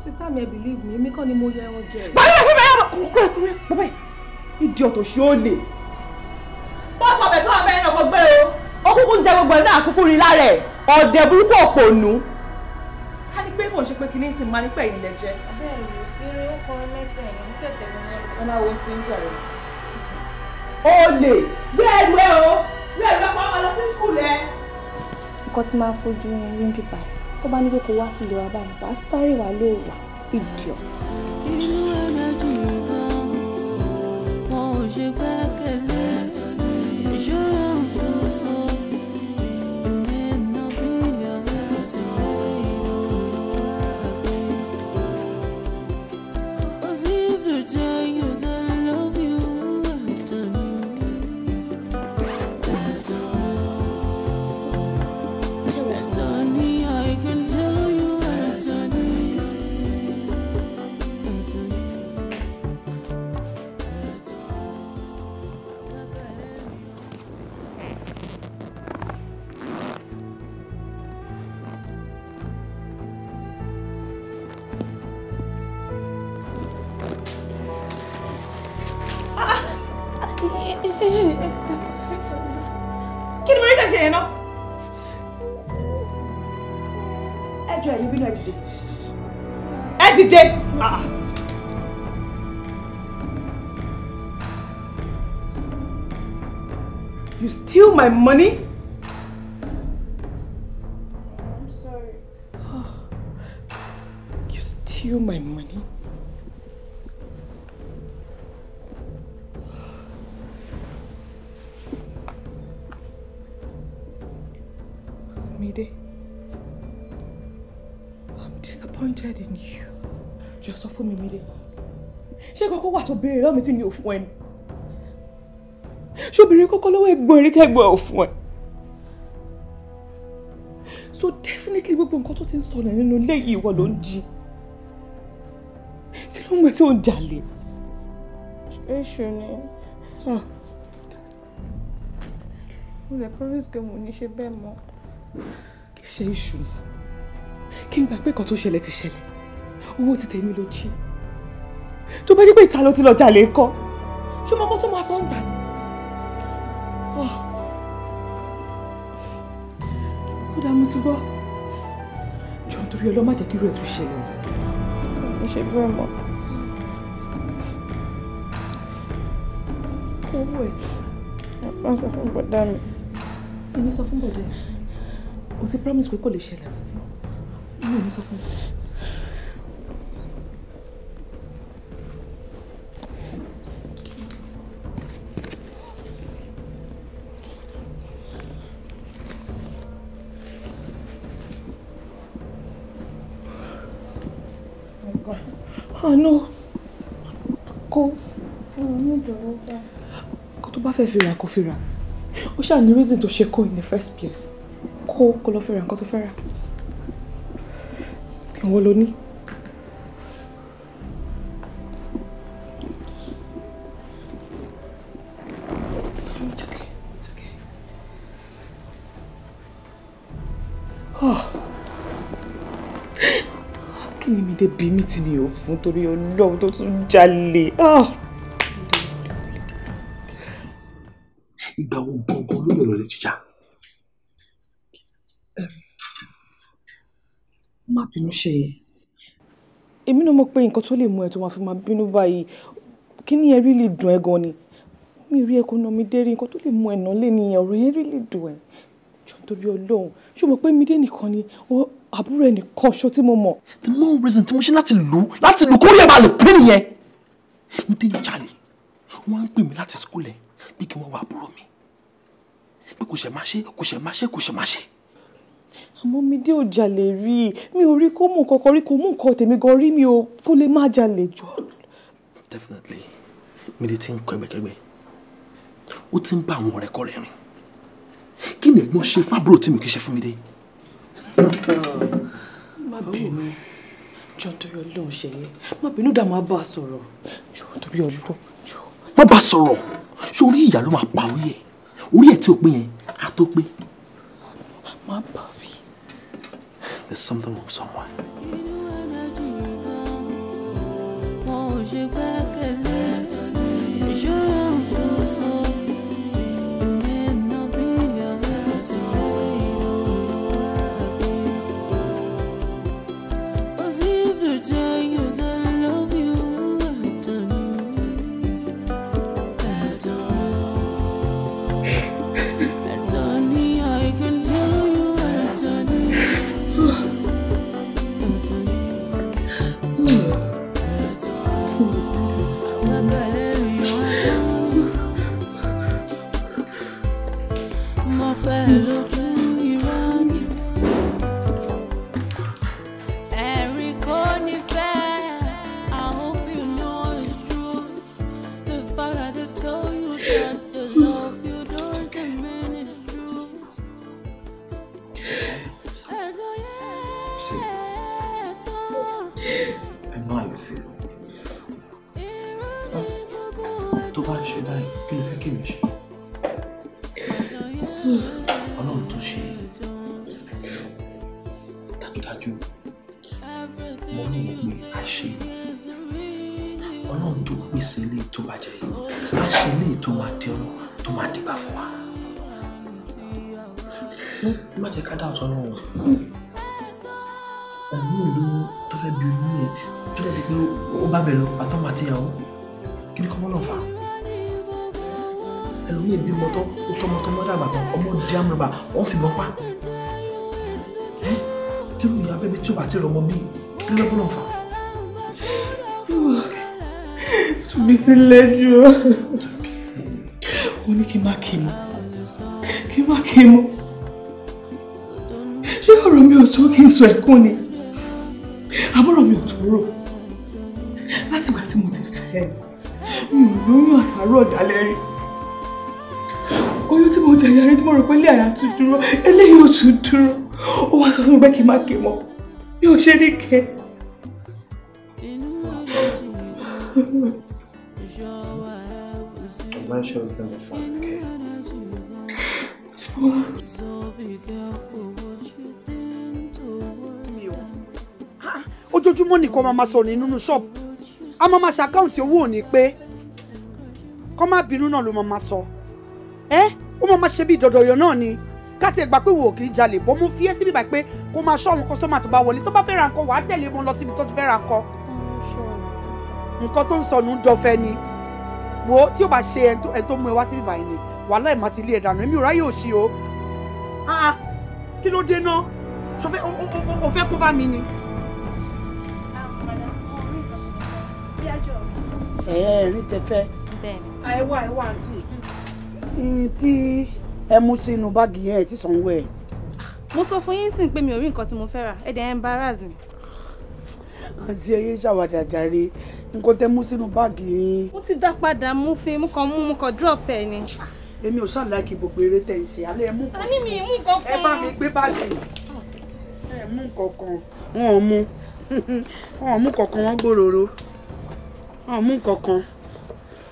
sista mi ẹ believe me èmi kàn ni mo yẹ ẹran jẹ. bàbá ẹ bàbá ẹ kúrò kúrò bàbá ẹ ìdí ọ̀tọ̀ ṣe ó lè. bọ́sọ̀ ọ̀bẹ tó wà bẹ́ẹ̀ náà kò gbé o ó kúkú ń jẹ gbogbo ẹ̀ náà kúkú rí lára ẹ̀ ọ̀dẹ̀ burúkú ọ̀pọ̀ ònú ká ní pé kò ń ṣe pé kí ní ìsìn máa ní pẹ̀ yìí lẹ jẹ́. bẹ́ẹ̀ ni eré ó kọrin lẹ́sẹ̀ ẹ̀yìn ní tẹ̀tẹ̀ lọ́wọ́. ọmọ àwọn ti ń jẹ̀rọ. o lè ẹgbẹ́ o gbé ẹgbẹ́ pa ọmọ lọ tó bá ní pé wá sí ìlera báyìí wàá sáré wà ló wà idiot. inú ẹ̀mẹ́jì gan-an wọn ò ṣe gbẹ́kẹ̀lé Ah. You steal my money? lọ́wọ́ mi tí mi ò fún ẹ ni ṣóbìnrin kọ́kọ́ lọ́wọ́ ẹ̀gbọ́n eré tí ẹ̀gbọ́n ẹ̀ ò ẹ so definitely gbogbo nǹkan tó ti ń sọnù nínú ilé yìí ìwọ ló ń jí kí ló ń gbé tó ń jalè. èṣù ni ah. mo lè promise pé mo ní ṣe bẹ́ẹ̀ mọ́. ṣé èṣù ni kí n gbàgbé kan tó ṣẹlẹ̀ ti ṣẹlẹ̀ owó ti tèmi ló jí tó bá jẹ́ pé ìta ló ti lọ jalè kọ́ ṣé mo kọ́ tó máa sọ ń tà ní. Ah. ó dàá mo ti gbọ́ jọ̀ọ́ nítorí ọlọ́mọ jẹ́ kí irú tún ṣẹlẹ̀ o. mo ṣe bẹ́ẹ̀ mọ́. owó ẹ̀. wọ́n sọ fún bọ̀dá mi. èmi sọ fún bọ̀dá ẹ̀ o ti promise pé kò lè ṣẹlẹ̀ mi ní sọ fún bọ̀dá. àánú ah, kó kó tó bá fẹ́ fi rà kó fi rà ó ṣáà ní reason tó ṣe kó in the first place kó kó lọ Fira, rà to tó fẹ́ rà ìwọ ló ní. Babátúndé bí mi tí mi ò fún torí Ọlọ́run tó tún jalè. Ah! Ìgbà wo gbọ̀ngàn ló lọ̀rọ̀ lè jíjà? Má bínú ṣe yìí. Èmi náà mọ̀ pé nǹkan tó lè mú ẹ tó máa fi máa bínú báyìí kí ni ẹ lè dùn ẹ gan ni mi rí ẹkọnọmi dérí nǹkan tó lè mú ẹnà lé ni ọ̀rọ̀ yẹn lè dùn ẹ jọ nítorí Ọlọ́run ṣùgbọ́n pé mi dé nìkan ni àbúrò ẹ̀ nìkan ṣo tí mo mọ̀. the more reason tí mo ṣe láti lù ú láti lù kórìí ẹ̀ bá lè pín nìyẹn. n tẹ́ ń jalè wọ́n á ń pè mí láti skul ẹ̀ bí kí wọ́n wá àbúrò mi pé kò ṣe má ṣe kò ṣe má ṣe kò ṣe má ṣe. àmọ́ mi dé ò jalè rí mi ò rí kó mú nǹkan kan rí kó mú nǹkan tèmi gan rí mi ò kó lè má jalè jù. definitely mi lè ti ń kọ ẹgbẹ́kẹ́gbẹ́ ó ti ń bá àwọn ọ̀rẹ́kọ̀rẹ́ rìn kí ni ẹ̀gbọ́n ṣe fábúrò tí mi kì í ṣe fún mi dé má bínú jọ torí Ọlọ́run ṣe yẹ má bínú dá máa bá a sọ̀rọ̀ jọ torí Ọlọ́run jọ. má bá a sọ̀rọ̀ ṣé orí ìyá ló máa pa orí ẹ̀ orí ẹ̀ tí ò pé yẹn á tó pé. má bá a there's something wrong somewhere. inú ẹ̀rọ jù fìbọn pa ẹ tírú ìyá bẹ́bí tí ó bá ti rọmọ bí kí ló bọ́lọ̀ fà. tùbí sí lẹ́jọ́ ó ní kí n má kí n mọ́ kí n má kí n mọ́ ṣé ọ̀rọ̀ mi ò tó kí n sọ ẹ̀kún ni àbúrò mi ò tó rò látìgbà tí mo ti fẹ́ mi ò lóyún àtàrò ọ̀dálẹ́rìí mo jẹ ìyàrí tí mo rò pé ilé àyà tún dúró eléyìí ò tún dúró ó wá sọ fún mi pé kí n má ké mọ́ bí ó ṣe ní kẹ́. I'm not sure it's in the phone, okay? ojoojúmọ́ nìkan máa máa sọ̀rọ̀ nínú ṣọ́ọ̀bù a máa máa ṣàkáùntì owó òní pé kọ́ má bínú náà ló máa máa sọ ẹ́. Eh? máa ma ṣe bí dọ̀dọ̀yọ̀ náà ni káti ẹgbà pé wò kì í jalè bọ́ mo fi ẹ́ síbi báyìí pé kó máa ṣọ́ àwọn kọ́sọ́mà tó bá wọlé tó bá fẹ́ ra nǹkan wàá tẹ̀lé wọn lọ síbi tó ti fẹ́ ra nǹkan. nǹkan tó ń sọnù dọ̀fẹ́ ni wo tí o bá ṣe ẹ tó mú ẹ wá síbi báyìí ni wàhálà ìmọ̀ àti ilé ẹ̀ dànù èmi ò ráyè òṣì o. Ah, ah, kí ló dé náà ṣọfẹ́ o o o o fẹ́ kó bá mi ni. ẹ̀ẹ́rín tẹ fẹ́. Ah, ẹ wá ẹ wá àǹtí irin tí ẹ mú sínú báàgì yẹn ẹ ti sanwó ẹ. mo sọ fún yín sìn pé mi ò rí nǹkan tí mo fẹ́ rà ẹ dẹ̀ embarrass mi. àǹtí ẹ yé ṣàwàdà jàre nǹkan tẹ mú sínú báàgì yín. mo ti dá padà mú fi mú kan mú mú kan drop ẹ ni. èmi ò ṣàlàyé gbogbo eré tẹ̀ ń ṣe alẹ́ ẹ mú nǹkan. àní mi mú nǹkan kan. ẹ bá mi gbé báàgì ẹ mú nǹkan kan wọn ò mú wọn ò mú kankan wọn gbòòrò wọn ò mú kankan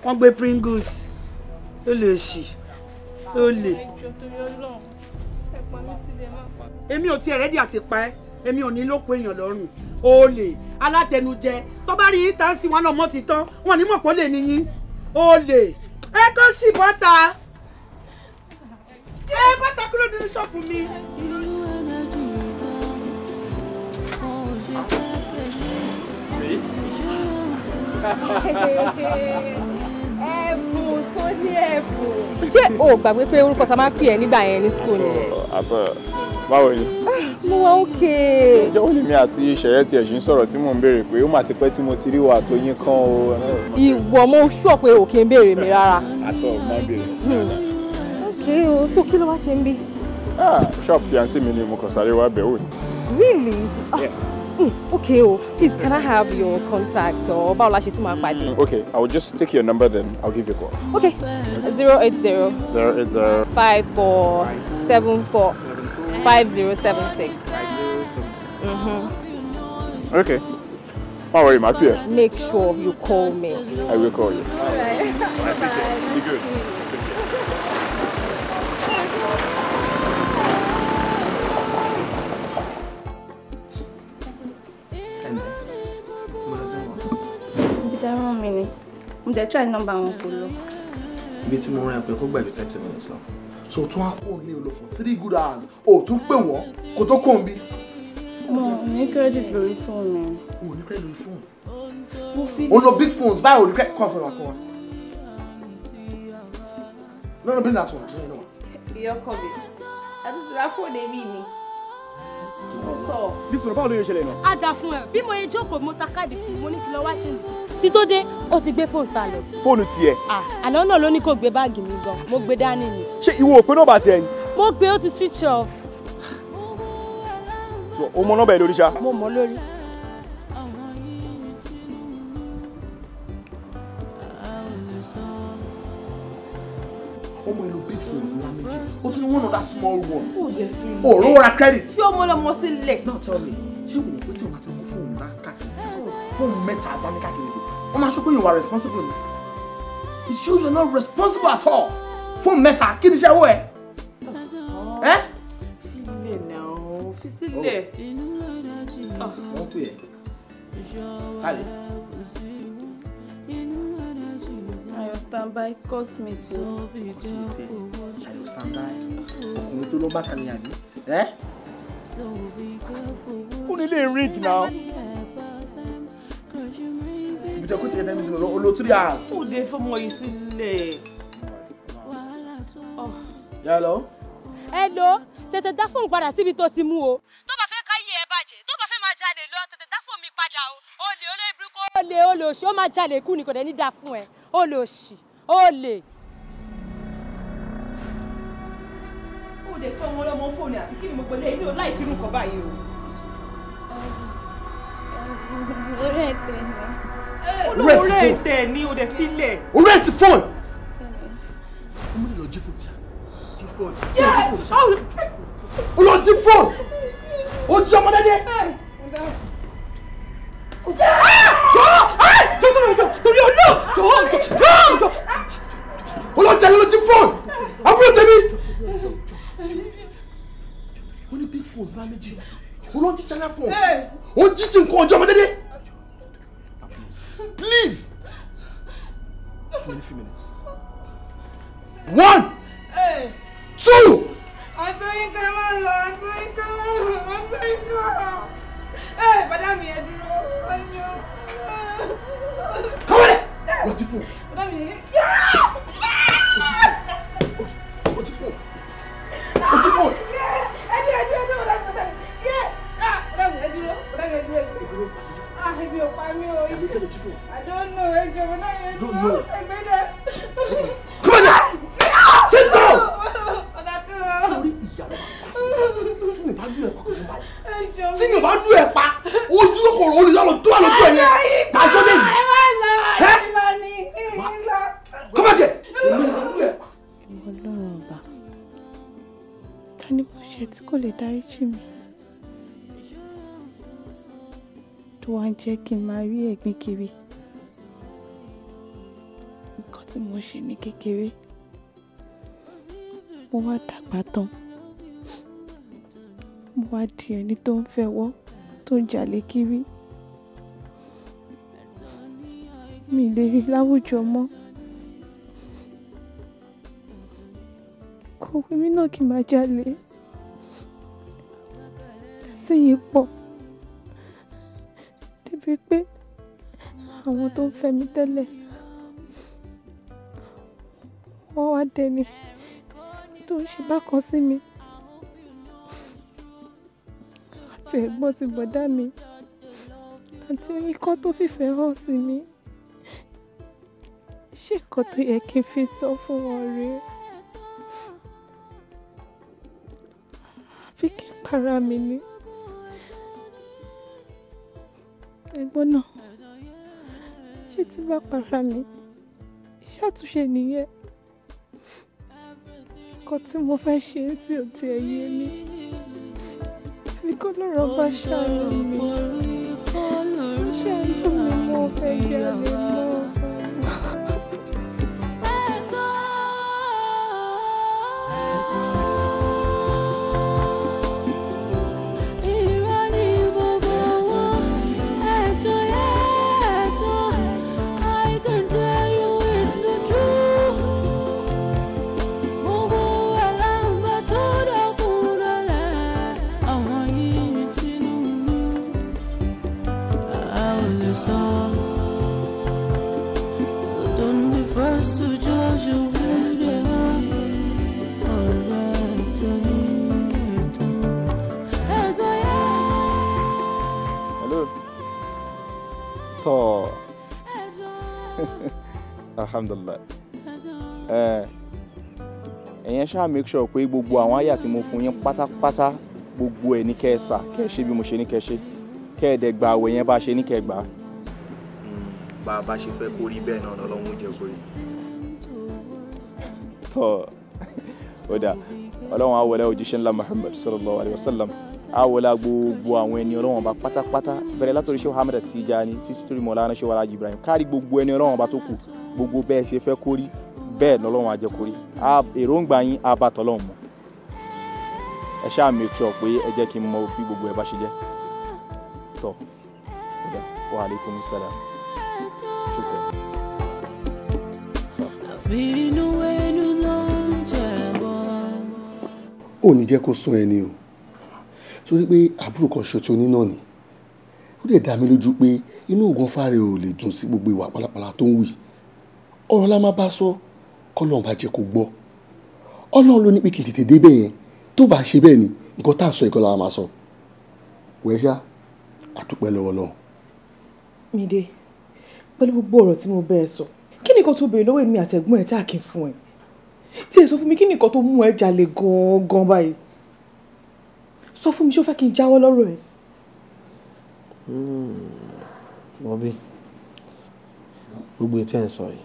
wọn gbé Pringles ó si, ṣì ó lè. èmi ò tiẹ̀ rẹ́dí àti pa ẹ́ èmi ò ní lóko èèyàn lọ́rùn ó lè alátẹnujẹ tó bá rí yín tá ń sin wọn lọ́mọ ti tán wọn ò ní mọ̀ pé ó lè ní yín ó lè ẹ kó sì bọ́ta ẹ bọ́ta kúrò mi. Hey, ẹ̀bùn tó ní ẹ̀bùn. ṣé o gbàgbé pé orúkọ tá a máa ń pè ẹ́ nígbà yẹn ní school ni. àtọ báwo ni. Ah, mo wá òkè. ìjọ wo ni mi àti ìṣẹ̀yẹ́ tiẹ̀ ṣì ń sọ̀rọ̀ tí mò ń béèrè pé ó mà ti pẹ́ tí mo ti rí wa tó yín kán o. ìwọ mo sọ pé o kì í béèrè mi rárá. àtọ máa béèrè. ókè o tó kí ló wá ṣe ń bí. ṣọ́ọ̀bù ah, fiancé mi ni mo kàn sáré wá bẹ̀ wò ni. really? Yeah. Hmm, okay, oh, please, can I have your contact or about Lashi to my Okay, I will just take your number then. I'll give you a call. Okay, zero eight zero. Zero eight zero. Five four seven four five zero seven six. Mm-hmm. Okay. Don't worry, my peer. Make sure you call me. I will call you. All right. Bye. Be good. mi ni mo dẹ̀ try nọ́mbà wọn kò lọ. ibi tí mo rán ẹ pé kó gbàgbé thirty minutes lọ so tún á kó ní olò for three good hours o tún pè wọ́n kó tó kó n bí. mo ní credit lórí fóònù. mo ní credit lórí fóònù. mo fi. o lo big phones báyìí o ní credit kọ́ fún wa kọ́ wa. lọ́nà bí nàá sọ̀rọ̀ sẹ́yìn náà. ìyọkọ mi àti tìrà fóònù èmi ni bí sọ̀rọ̀ báwo ló yẹ ṣẹlẹ̀ náà. a dà fún ẹ bí mo yẹ jókòó mo ta káàdì fún mo ní kí lọ wá jẹ́ ti tó dé ó ti gbé fóònù sá lọ. fóònù tiẹ̀. Ah, àná náà ló ní kó gbé báàgì mi gan mo gbé dání ni. ṣé ìwọ ò pé nọ́mbà tiẹ̀ ni. mo gbé ó ti switch off. o mọ nọ́mbà ẹ lórí ṣá. mo mọ lórí. ọmọ big phones ńlá méjì ó tún ní one other small one. ó jẹ fún mi. òórùn credit. tí ọmọ lọmọ sílẹ̀. now tell me ṣé wò ó pé tí wọn bá ti mú fóònù láta fóònù mẹ́ta àdáni káàkiri wọ́n you, ṣọ́pọ̀ ìwà responsible ni children are not responsible at all For fún mẹ́ta kí ni iṣẹ́ owó ẹ. ẹ. filẹ̀ náà fi sílẹ̀. Oh. Ah. wọ́n pè ẹ́ káre. I will stand by cause me to. I will stand by. Ọkùnrin tó ló bá kan ní àbí. Ó nílé ring náà you just go take ten million olo three hours. kò dé fọmọ yìí sílẹ̀. yàrá. ẹ lo tètè dá fóònù padà síbi tó ti mú o. tó bá fẹ́ káyé ẹ bàjẹ́ tó bá fẹ́ máa jalè lọ tètè dá fóònù mi padà o olè olè burúkú. olè olè òṣì ó máa jalè kú ni kò dé ní dá fún ẹ olè òṣì olè. kò dé fóònù ọlọ́mọ fóònù àbí kí ni mo pè lé èmi ò láì kírun kọ báyìí o. ọ̀rẹ́ tẹ̀lé olóore ètè ni o dẹ̀ filẹ̀. orí ẹ̀ ti fọ́ọ̀n. ọmọ ìlọ jí fóònù ṣá jí fóònù jí fóònù ṣá o lọ jí fóònù o jí ọmọ dẹ́dẹ́. torí olú jọ jọ jọ jọ. o lọ jalè lọ jí fóònù àbúrò tèmi. wọ́n ní big phones lámẹ́jì o lọ jí china phone o jí jí nǹkan ọjọ́ ọmọ dẹ́dẹ́. Please! Only a few minutes. One! Hey. Two! Àtúnyìnká máa lọ, Àtúnyìnká máa lọ, Àtúnyìnká! Ẹ bàdá mi ẹ dúró, ẹ dúró. Come on! Lọ ti fún. Bàdá mi yé. O ti fún. O ti fún. Ẹ dúró, ẹ dúró, ẹ dúró, bàdá mi. Bàdá mi ẹ dúró, bàdá mi ẹ dúró. Ebi ò pa mí o. Ẹ̀mí kẹ́lẹ̀ chief o. I don't know ẹjọ́ mi náà yẹn jù ọ́ ẹgbẹ́ dẹ. Come on now! Sit down! Ọ̀dà tó o. Sori ìyàwó tí mi bá lù ẹ̀ kọ́kọ́ máa wọ̀. Tí mi bá lù ẹ̀ pa, ojú kòkòrò olùyàwó tó wà lójú ẹ̀ yẹn. Màjọ́ lè yìí. Ẹ má lọ, ẹ má ní, ẹ má lọ. Come on there! Èmi bá lù ẹ̀ pa. Ọlọ́run ọba, ta ni mo ṣe tí kò lè dáríjì mi? tó wá ń jẹ́ kí n máa rí ẹ̀gbin kiri nǹkan tí mo ṣe ní kékeré mo wá dàgbà tán mo wá di ẹni tó ń fẹ́wọ́ tó ń jalè kiri mi lè rí láwùjọ mọ́ kò wí mí náà kí n máa jalè sẹ́yìn pọ̀ fi pé àwọn tó ń fẹ́ mi tẹ́lẹ̀ wọ́n wá dẹni tó ń ṣe bákan sí mi àti ẹ̀gbọ́n ti bọ̀dá mi àti ikọ́ tó fìfẹ́ hàn sí mi ṣé nǹkan tó yẹ kí n fi sọ fún wọn rèé àfi kí n para mi ni. ẹ̀gbọ́n náà ṣé tí bá para mi ṣàtúnṣe nìyẹn nǹkan tí mo fẹ́ ṣe é sí òtí ẹ̀yẹ mi ní kó lọ́rọ̀ bá ṣàrò mi ṣé àìsàn mi mo fẹ́ jẹ́ àlè mọ́. to alhamdulilayi ẹ̀yẹn ṣáà make sure pé gbogbo àwọn àyà tí mo fún yín pátápátá gbogbo ẹ̀ ní kẹ́ ẹ sà kẹ́ ẹ ṣe bí mo ṣe ní kẹ́ ẹ ṣe kẹ́ ẹ dẹ̀ gba àwẹ̀ yẹn bá ṣe ní kẹ́ ẹ gbà bá a bá ṣe fẹ́ kó rí bẹ́ẹ̀ náà lọ́lọ́run ó jẹ́ kó rí. tọ́ ọ ọlọ́run á òjíṣẹ́ ńlá Muhammad sallallahu alayhi wa sallam a wọlé gbogbo àwọn ẹni ọlọ́wọ́n ba pátápátá bẹ̀rẹ̀ látọ̀rí Sheikh Ahmed Tijani títí torí Maulana Sheikh Alhaji Ibrahim kárí gbogbo ẹni ọlọ́wọ́n ba tó kù gbogbo bẹ́ẹ̀ ṣe fẹ́ kórí bẹ́ẹ̀ lọ́lọ́wọ́n àjẹkórí èròǹgbà yín abatọ́lọ́wọ́n mọ́ ẹ ṣáà make sure pé ẹ jẹ́ kí n mọ bí gbogbo ẹ bá ṣe jẹ́ tọ́ wa alaikum salam ò ní jẹ́ kó sún ẹni o torí pé àbúrò kan ṣoṣo ní náà ni ó dẹ̀ dá mi lójú pé inú ògùn fáre ò lè dùn sí gbogbo ìwà pálapàla tó ń wì ọ̀rọ̀ la má bá sọ kọ́lọ́n bá jẹ́ kó gbọ́ ọlọ́run ló ní pé kì í tètè débẹ̀ yẹn tó bá ṣe bẹ́ẹ̀ ni nǹkan tá à ń sọ ìkọlà máa sọ wẹ́ṣá àdúpẹ́ lọ́wọ́ lọ́hùn. Mide pẹ̀lú gbogbo ọ̀rọ̀ tí mo bẹ́ẹ̀ sọ kí ni nǹkan tó béèrè lọ́wọ́ èmi àtẹ̀gbọ́n ẹ̀ tá à kí n fún ẹ tí èso fún mi kí ni tó mú ẹ jalè gan báyìí sọ fún mi ṣó fẹ́ kí n jáwọ́ lọ́rọ̀ ẹ̀. bọ́bí hmm, gbogbo etí ẹ̀ ń sọ yìí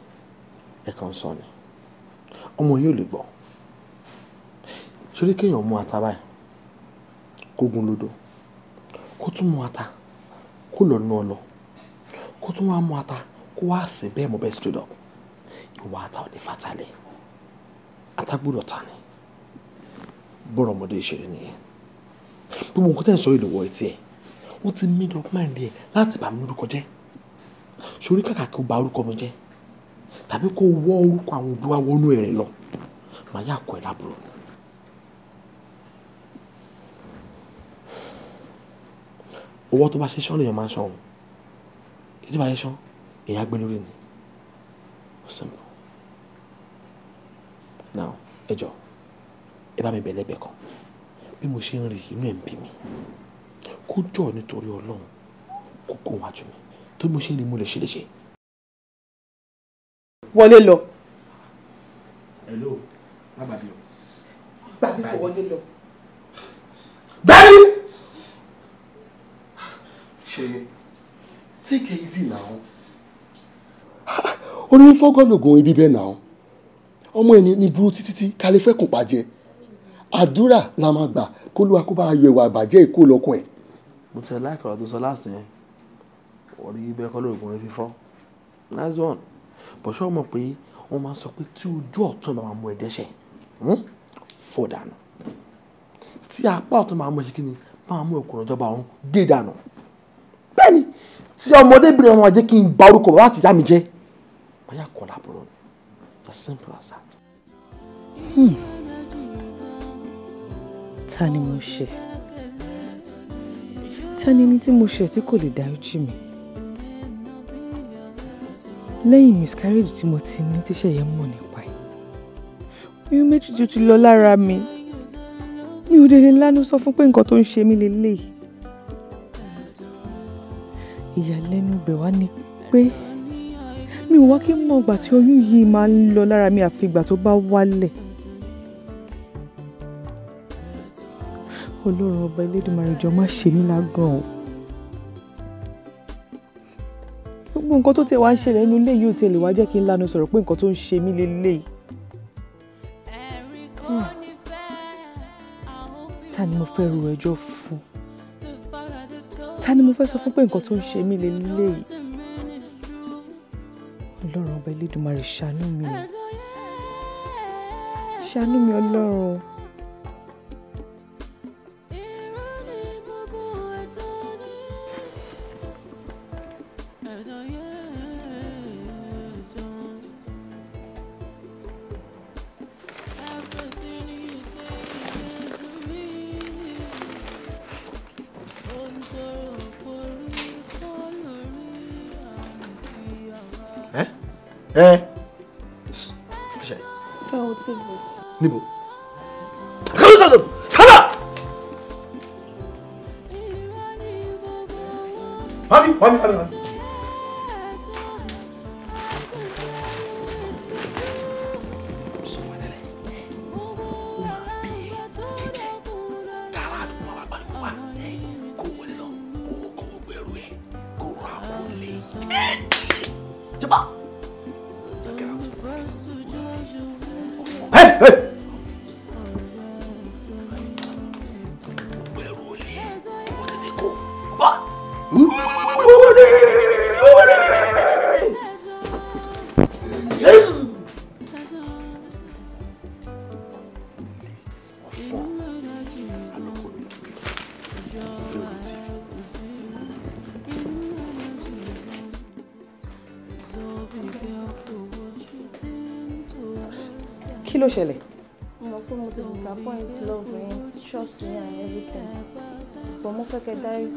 ẹ̀kan ń sọ ni ọmọ yóò lè gbọ́ ṣorí kéèyàn mú ata báyìí kó gun lódò kó tún mú ata kó lọ nú ọlọ kó tún wá mú ata kó wá sí bẹ́ẹ̀ mo bẹ́ẹ̀ straight up ìwà ata ò ní fatalẹ̀ ata gbúdọ̀ ta bọ́rọ̀ ọmọdé ìṣeré nìyẹn gbogbo nǹkan tẹ̀ ń sọ yìí lọ́wọ́ etí ẹ̀ ó ti made up mind ẹ̀ láti bà mí lórúkọ jẹ́ sórí kàkà kí o bà orúkọ mi jẹ́ tàbí kó o wọ́ orúkọ àwọn òbí wa wọnú ẹ̀rẹ̀ lọ màá yà kọ́ ẹ̀ lábúrò. owó tó bá ṣe sán lèèyàn máa ń san òun èyí tó bá ṣe sán èèyàn á gbé lórí ni simple now ẹ jọ ẹ bá mi bẹ̀lẹ̀ bẹ̀ kan bí mo ṣe ń rí inú ẹ̀ ń bí mi kó jọ nítorí ọlọ́run kó kó wájú mi tó mo ṣe ń rí mo lè ṣe léṣe. wọlé lọ. hello má bàbí o. bàbí kò wọlé lọ. bẹ́ẹ̀ni. ṣe take it easy now. orí fọ́gọ́nù gan ibi bẹ́ẹ̀ náà ọmọ ẹni ní burú títí tí kálífẹ́ kò pàjẹ́ àdúrà la máa gbà kó ló wa kó bá yọ ìwà àbàjẹ́ ìkó lọ́kùn ẹ̀. mo ti láìka ọ̀rọ̀ sọ láti yẹn orí bẹ́ẹ̀ kọ́ lóògùn rẹ fífọ́ nice one bọ̀ṣọ́ mọ̀ pé wọ́n máa sọ pé tí ojú ọ̀tún máa mú ẹ dẹ́ṣẹ̀ hmm? fò dànù tí apá ọ̀tún máa mú ẹ ṣe kí ni máa mú ẹkùnrin ìjọba ọ̀run gé dànù bẹ́ẹ̀ ni tí ọmọdébìnrin ọmọ ajé kí n ba orúkọ bàbá àti ìyá mi jẹ́ wọ́n yà kọ́ lábúrò ni as simple as that. Hmm ta ni mo ṣẹ̀ ta ni ẹni tí mo ṣẹ̀ tí kò lè dáríjì mi lẹ́yìn miscarriage tí mo ti ní tíṣẹ́ yẹn mọ̀ nípa ẹ̀ oyún méjì tí ó ti lọ lára mi mi ò dédé ńlá sọ fún pé nǹkan tó ń ṣe mí lélẹ́yìí ìyàlẹ́nu ibẹ̀ wá ni pé mi ò wá kí n mọ̀ ìgbà tí oyún yìí máa ń lọ lára mi àfi ìgbà tó bá wálẹ̀. ọlọ́run ọba elédùnmarè jọ má ṣe mí lágàn o gbogbo nǹkan tó tiẹ̀ wá ń ṣẹlẹ̀ nínú ilé yìí ò tiẹ̀ lè wá jẹ́ kí n lanu sọ̀rọ̀ pé nǹkan tó ń ṣe mí lélẹ́yìí hmm. ta ni mo fẹ́ ro ẹjọ́ fún ta ni mo fẹ́ sọ fún pé nǹkan tó ń ṣe mí lélẹ́yìí ọlọ́run ọba elédùnmarè ṣàánú mi ṣàánú mi ọlọ́run.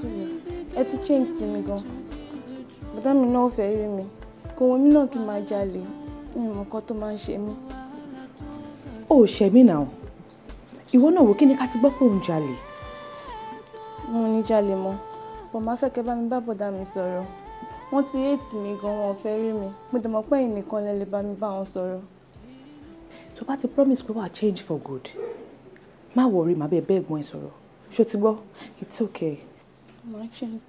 sùúrù ẹ ti change sí mi gan bàtà mi náà fẹ́ rí mi kò wọ́n mi náà kí n máa jalè ní nǹkan tó máa ń ṣe mí. ó ṣe mí náà ìwọ náà wò kí ni ká ti gbọ́ pé òun jalè. mo ní jalè mọ́ bọ̀ máa fẹ́ kẹ́ bá mi bá bọ̀dá mi sọ̀rọ̀ wọ́n ti éètì mi gan wọn ò fẹ́ rí mi mo dẹ̀ mọ̀ pé ẹ̀yin nìkan lẹ lè bá mi bá wọn sọ̀rọ̀. tó bá ti promise pé wàá change for good má wọrí màá bẹ́ẹ̀ bẹ́ẹ̀ gbọ́n ẹ sọ̀rọ̀ ṣó ti gbọ́ it's okay. Mo actually.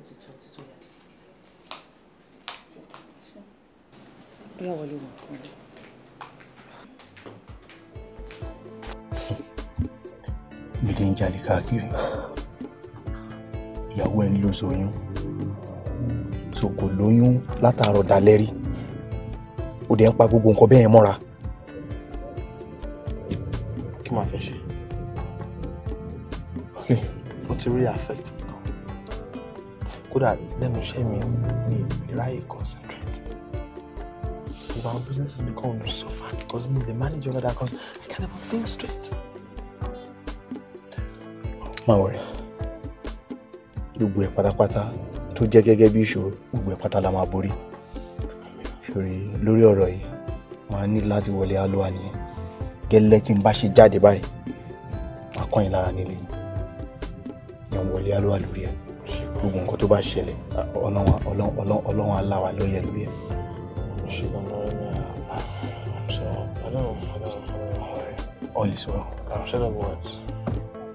Bóyá wọlé wọn kàn lé. Mi lè ń jalè káàkiri. Ìyàwó ẹni ló ṣoyún. So kò lóyún látàárọ̀ dalẹ́ rí. Ó dẹ̀ ń pa gbogbo nǹkan bẹ́ẹ̀ mọ́ra. Kí máa fẹ́ ṣe? Okay. Ó ti rí affect kódà lẹ́nu iṣẹ́ mi ni ìráyè concentrate if our business is become suffer because me the manager of that company I can't even think straight. má worry gbogbo ẹ̀ pátápátá tó jẹ́ gẹ́gẹ́ bí ìṣòro gbogbo ẹ̀ pátá la máa borí ṣòrí lórí ọ̀rọ̀ yìí máa ní láti wọlé alóhà nìyẹn gẹ́lẹ́ tí n bá ṣe jáde báyìí máa kọ́ yín lára nílé yìí yẹn wọlé alóhà lórí ẹ̀ gbogbo nǹkan tó bá ṣẹlẹ̀ ọlọ́run aláwa ló yẹ lóye. Ah, ah, all is well. I'm sure that works.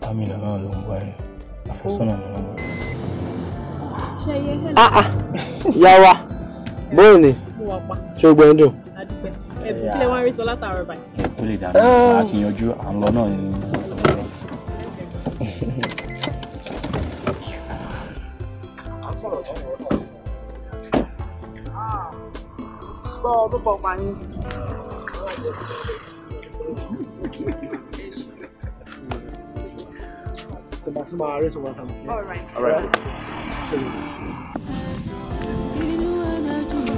amina náà ló ń bọ ẹ àfẹ́sọ́nà mi ló ń bọ. ṣẹyẹ hẹlẹ. ah ah yàwá bóyá ni ṣé o gbẹ́ndò. ẹ̀bùn kílẹ̀ wá rí sọ látàárọ̀ báyìí. kò lè dànù àti yanjú à ń lọ náà ni. tó kọ pa yín. Sọ̀bà tí màá rí sọ̀bà tàbí. Inú ẹ̀rọ jù lọ,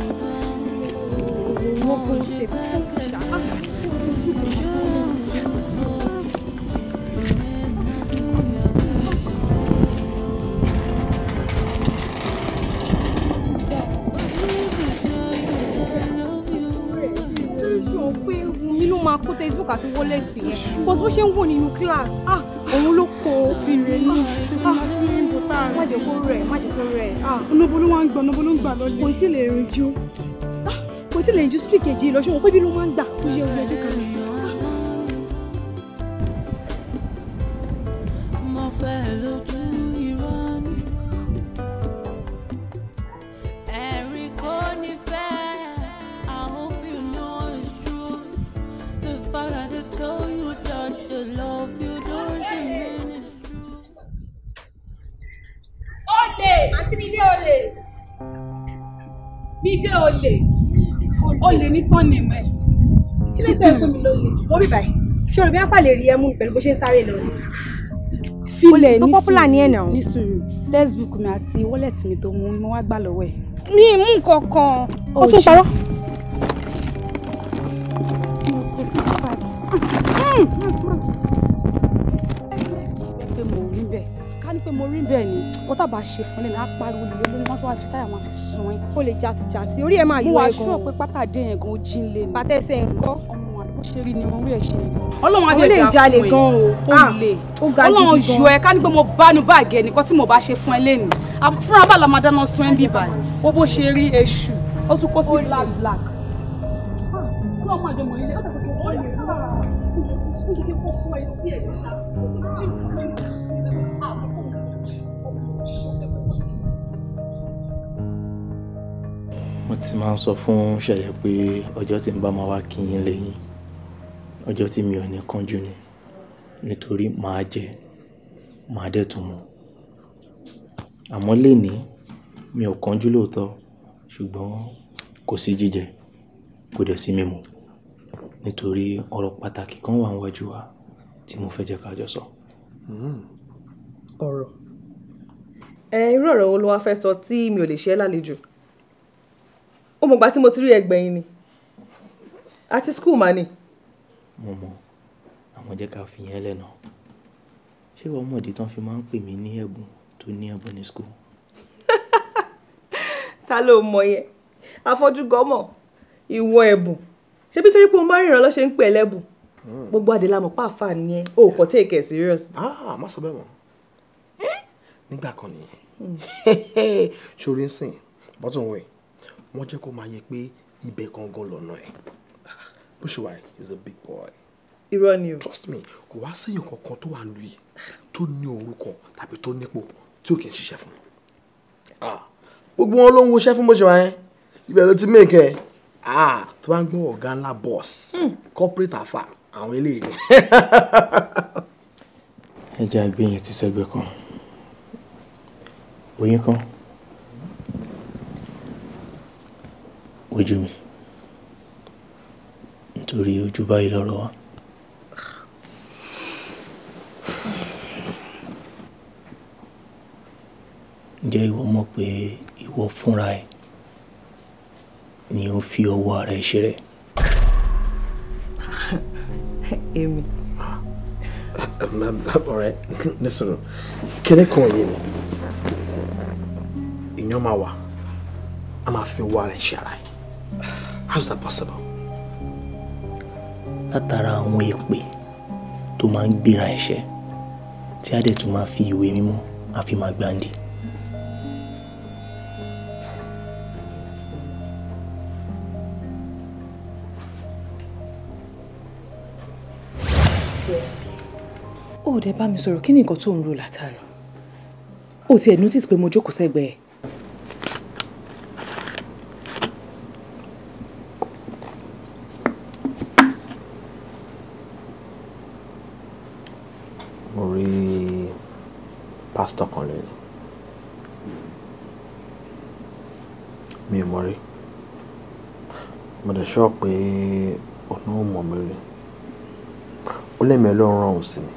wọ́n kò máa kó facebook àti wallet yẹn but bó ṣe ń wò nínú class ah, òun ló kó sí rẹ ní má jẹ́ kó rẹ̀ má jẹ́ kó rẹ̀ ah onobo gbà onobo ń gbà lọ́lẹ̀ kò tí lè ah, lè rìn ju street kejì lọ pé bí ló máa ń gbà. ó yẹ ojú ẹjẹ kan ṣòro bí apá lè rí ẹ mú mi pẹ̀lú bó ṣe ń sáré lọ. fíìmù tó popular ní ẹ̀nà. ní sùúrù textbook mi àti wallet mi tó mú mo wá gbà lọ́wọ́ ẹ̀. mi ì mú nǹkan kan. ó tún parọ́. pé mo rí bẹ́ẹ̀ ká ní pé mo rí bẹ́ẹ̀ ni wọ́n tàbá ṣe fún lẹ́nu apariwo lè lórí wọ́n tó wá fi táyà máa fi sun ẹ́. ó lè jàtìjàtì orí ẹ̀ máa yọ ẹ̀ gan-an. mo wá ṣúọ̀ pé pátá dé yẹn gan-an ó jí ń lé ni. pàtẹ́sẹ̀ ń kọ́. ọmọ ṣe rí ni wọn wí ẹ ṣe Ọlọ́run adé ìjà jalè gan o ó ah, le Ọlọ́run oṣù ẹ ká ní pé mo bá nu báàgì ẹ nìkan tí mo bá ṣe fún ẹ lẹnu fúnra bá la máa dáná sun ẹ bí báyìí ó bó ṣe rí èṣù ó tún kó sí black black. mo ti máa ń sọ fún ṣẹyẹ pé ọjọ́ tí ń bá máa wá kí yín lẹ́yìn ọjọ́ tí mi ò ní kánjú ni nítorí màá jẹ, màá dẹ̀ tún mu. Àmọ́ lénìí mi ò kánjú lóòótọ́ ṣùgbọ́n kò sí jíjẹ, kò dẹ̀ sí mímu nítorí ọ̀rọ̀ pàtàkì kan wà níwájú wa tí mo fẹ́ jẹ́ ká jọ sọ. Hmm. Ọ̀rọ̀? Ẹ̀, irú ọ̀rọ̀ wo lo wá fẹ́ sọ tí mi ò lè ṣe ẹ́ lálejò? Ó mọ tí mo ti rí ẹ gbẹ̀yìn ni. Àti school mà ni mo mọ̀ àmọ́ jẹ́ ká fi yẹn lẹ̀ náà. Ṣé ìwọ mọ̀ ìdí tán fi máa ń pè mí ní ẹ̀bùn tó ní ẹ̀bùn ní school? Ta ló mọ yẹn? Afọ́jú gan mọ̀, ìwọ ẹ̀bùn. Ṣé bí torí pé o máa ń rìnrìn lọ ṣe ń pè ẹlẹ́bùn? Hmm. Gbogbo àdèlà pàfà ni o kò take it serious. Ah, má sọ bẹ́ẹ̀ mọ́. Eh? Nígbà kan nìyẹn. Hmm. Ṣorí ń sìn, bọ́tún wẹ̀, wọ́n jẹ́ kó máa yẹ pé ibẹ̀ gangan lọ́nà ẹ̀ bó is a big boy. irọ́ ni o. trust me kò wá séyìn kankan tó wà ń lu yìí tó ní orúkọ tàbí tó nípò tí ò kì í ṣiṣẹ́ fún ah, gbogbo wọn ló ń woṣẹ́ fún bó ibẹ̀ ló ti mẹ́kẹ́ ah, tó bá ń gbọ́ ọ̀gá ńlá boss hmm. corporate afa àwọn eléyìí. ẹ jẹ́ àgbẹ̀yìn ti sẹ́gbẹ̀ẹ́ kan oyin kan ojú mi torí ojú báyìí lọ́rọ̀ wa. ǹjẹ́ ìwọ mọ̀ pé ìwọ fúnra ẹ̀ ni ó fi ọwọ́ ara ẹ̀ ṣeré? èmi. ọ̀rẹ́ nísìnyí kíní kan how's that possible? látara àwọn èpè tó máa ń gbéra ẹ̀ṣẹ̀ tí a dẹ̀ tún máa fi ìwé mímọ́ àfi máa gbáǹdì. ó dẹ̀ bá mi sọ̀rọ̀ kí ni nǹkan tó ń ro látara ó tiẹ̀ notice pé mo jókòó sẹ́gbẹ̀ẹ́ sure pé Ọlọ́run ó mọ̀ mí rè. Ó lẹ́mi Ọlọ́run rán òun sí mi.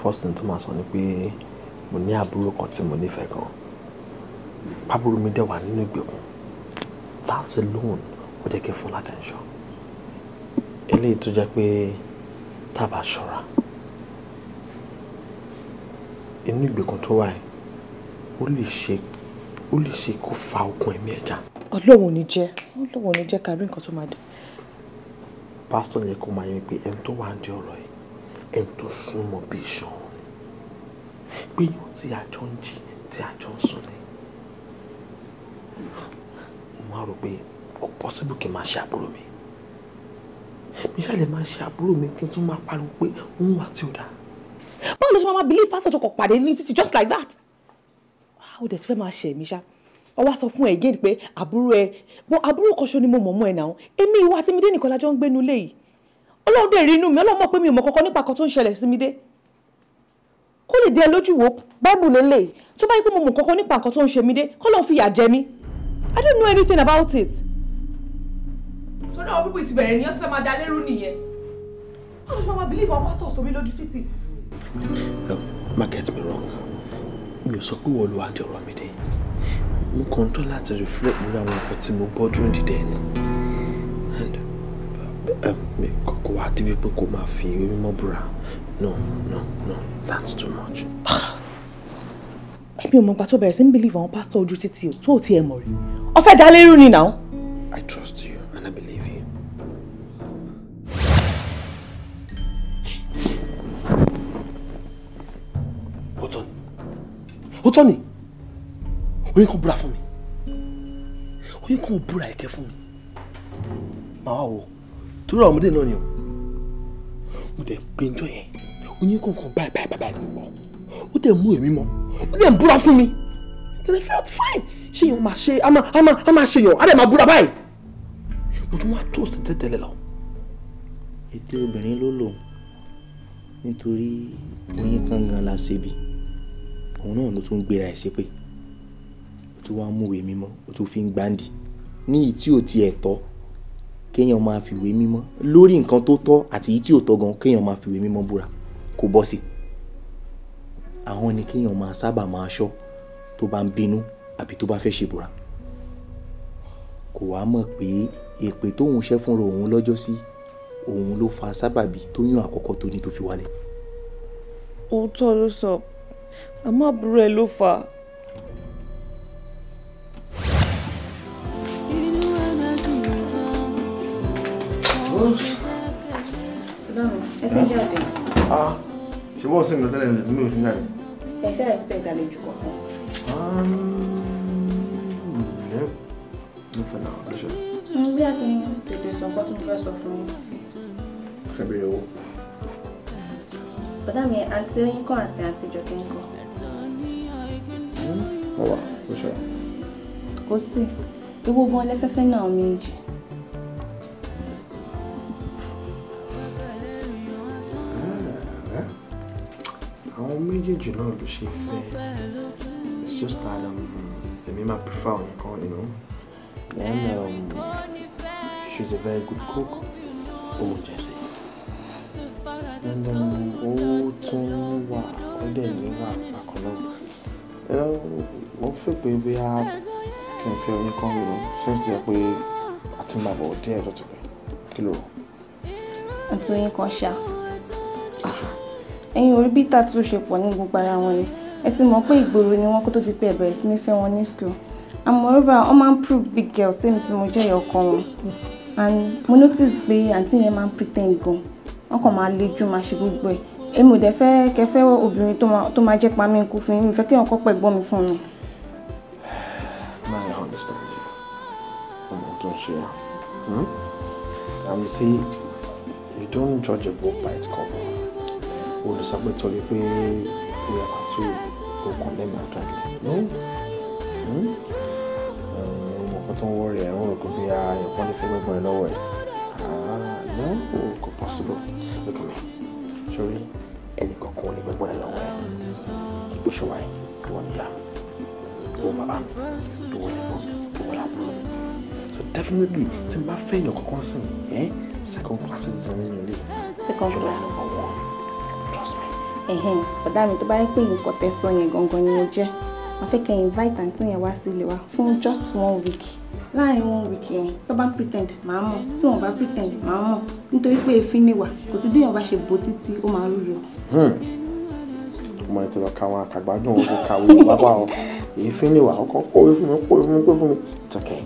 First thing tó máa sọ ni pé mo ní àbúrò kan tí mo nífẹ̀ẹ́ gan. Pábúrò mi dẹ̀ wà nínú ìgbèkùn. That alone ó jẹ́ kí n fún un Eléyìí tó jẹ́ pé tá a bá ṣọ́ra, inú ìgbèkùn tó wà yìí ó lè ṣe, ó lè ṣe kó fa okùn ẹ̀mí ẹ̀ já ọlọ́run ò ní jẹ́ ọlọ́run ò ní jẹ́ kárí nǹkan tó máa dé. pásítọ̀ yẹ kó máa yẹ pé ẹni tó wà ń di ọ̀rọ̀ yìí ẹni tó súnmọ́ bí ìṣàn pé yóò tí àjọ ń jí tí àjọ ń sùn ní. mo máa rò pé kò pọ́sibú kí n máa ṣe àbúrò mi mi ṣàlẹ̀ máa ṣe àbúrò mi kí n tún máa pariwo pé òun wà tí ò dáa. báwo ló ṣe máa máa believe pásítọ̀ tó kọ̀ pàdé ní títì just like that. ó dẹ̀ ti fẹ́ máa ṣe mí ṣáá ọ sọ fún ẹ pé àbúrò ẹ bọ àbúrò kọṣọ ni mo mọ̀ mọ́ ẹ náà èmi ìwà àti Mídé nìkan lájọ ń gbénu lé ọlọ́run dẹ̀ rí inú mi ọlọ́run mọ̀ pé mi ò mọ̀ kọ́kọ́ nípa kan tó ń ṣẹlẹ̀ sí Mídé kó lè dẹ lójú wo báìbù lélẹ̀ tó bá yẹ pé mo mọ̀ kọ́kọ́ nípa nǹkan tó ń ṣe mí dé kó lóun fi yà jẹ mí I don't know anything about it. torí àwọn pípọ̀ ni wọ́n ti fẹ́ máa da lérú nìyẹn wọ́n máa believe àwọn me wrong mi ò sọ pé wọ́n lo mo kàn ń tọ́ láti reflect lórí àwọn nǹkan tí mo bọ́ dúró dìde ni um, kò wá débi pé kò máa fi ìwé mímọ́ búra no no no that's too much. èmi ò mọ ìgbà tó bẹ̀rẹ̀ sí ń believe àwọn pásítọ̀ ojú títì tó ò tiẹ̀ mọ̀ rí o fẹ́ dá lérú ni now. I trust you and I believe you. ó tọ́ ni ó tọ́ ni oyin kan búra fún mi oyin kan búra ẹ̀kẹ́ fún mi màá wá wò torí ọmọdé náà ni o mo dẹ̀ pé njọ́ yẹn oyin kankan báyìí báyìí báyìí ló pọ̀ ó dẹ̀ mú èmi mọ́ ó dẹ̀ búra fún mi then I felt fine ṣé yẹn máa ṣe a máa a máa a máa ṣe yẹn a dẹ̀ máa búra báyìí mo tún wá toast tẹ́tẹ̀lẹ̀ lọ. ètè obìnrin ló lò nítorí oyin kan gan la ṣe bí òun náà ló tún gbéra ẹ̀ ṣépè tún wá mú ìwé mímọ́ ó tún fi ń gbáǹdì ní ìyí tí ò tiẹ̀ tọ́ kéèyàn máa fi ìwé mímọ́ lórí nǹkan tó tọ́ àti ìyí tí ò tọ́ gan kéèyàn máa fi ìwé mímọ́ búra kò bọ́ sí àwọn ni kéèyàn máa sábà máa ṣọ́ tó bá ń bínú àbí tó bá fẹ́ ṣe búra kò wá mọ̀ pé èpè tóun ṣẹ́ fúnra òun lọ́jọ́ sí òun ló fa sábàbí tó yàn àkọ́kọ́ tó ní tó fi wálẹ̀. òótọ́ ló sọ àmọ́ àbúrò ẹ̀ ló fà á Ah. ṣe wọ́n sí mi lọ́tẹ́lẹ̀ ní mi ò fi ń jáde. ẹ ṣe expect àlejò kọ̀ọ̀kan. ǹlẹ́ mo fẹ́ náà lọ́sọ̀. mo bí akin tètè sọ nǹkan tó ń fẹ́ sọ fún yín. fẹ́ bèrè owó. bàdá mi àǹtí oyin kan àti àǹtí jọkẹ́ ń kọ. wọ́n wà lọ́sọ̀. kò sí ewu gan-an lẹ́fẹ́fẹ́ náà àwọn méjèèjì náà ló ṣe it's just that um, èmi máa prefer àwọn nǹkan you know then um, she's a very good cook ó jẹ and um, ó tún wà ó dẹ̀ níwà bákan náà wọ́n fẹ́ pé bí a kì you know since jẹ́ pé àti màbọ̀ díẹ̀ tó ti pẹ́ kí ló rọ̀. àti oyin kan ẹ̀yin orí bí tàtú ṣe pọ̀ ní gbogbo ara wọn ni ẹ ti mọ̀ pé ìgboro ni wọ́n kó tó ti pẹ́ bẹ̀rẹ̀ sí ní fẹ́ wọn ní school and moreover wọ́n máa ń prove big girl same tí mo jẹ́ ìyá ọkọ wọn and mo notice pé àǹtí yẹn máa ń pre ten d gan wọ́n kàn máa lejú máa ṣe gbogbo ẹ̀ èmi ò dẹ̀ fẹ́ kẹfẹ́ obìnrin tó máa jẹ́ pa mí kú fún mi fẹ́ kí wọn kọ́ pẹ̀ gbọ́ mi fún mi. I understand you. ọmọ tó ń ṣe ẹ. and you see you don't judge a book by its cover olùsọpẹ̀tọ́ wípé bóyá tàtú òkun lẹ́mìí àtàkì ló ọmọ kan tó ń wọ́ọ̀rì ẹ̀ ń rò pé bóyá ẹ̀kọ́ ní fẹ́ gbẹ́gbọ́n ẹ lọ́wọ́ ẹ̀ ló kò possible look at me sorry ẹnì kankan ò ní gbẹ́gbọ́n ẹ lọ́wọ́ ẹ̀ ó ṣe wáyé ìwọ níyà ìwọ bàbá mi ìwọ ìwọ ìwọ làbúrò so definitely tí n bá fẹ́ èèyàn kankan sìn ẹ́ second class is the name of the second class ẹ̀hẹ́n ọ̀dà mi tó bá yẹ pé nǹkan tẹ́ sọ yẹn gangan ni mo jẹ́ wọ́n fẹ́ kẹ́ invite àǹtí yẹn wá sí ilé wa fún just one week láàrin one week yẹn tó bá ń pretend màá mọ̀ tí wọ́n bá pretend màá mọ̀ nítorí pé efin ni wà kò sí bí èèyàn bá ṣe bò títí ó máa ń rúyọ. ọmọ hmm. ètò lọ ka wọn àkàgbádùn wọn kò kàwé bàbá wọn èéfín ni wà ọkọ kówe fún mi kówe fún mi kówe fún mi tọkẹ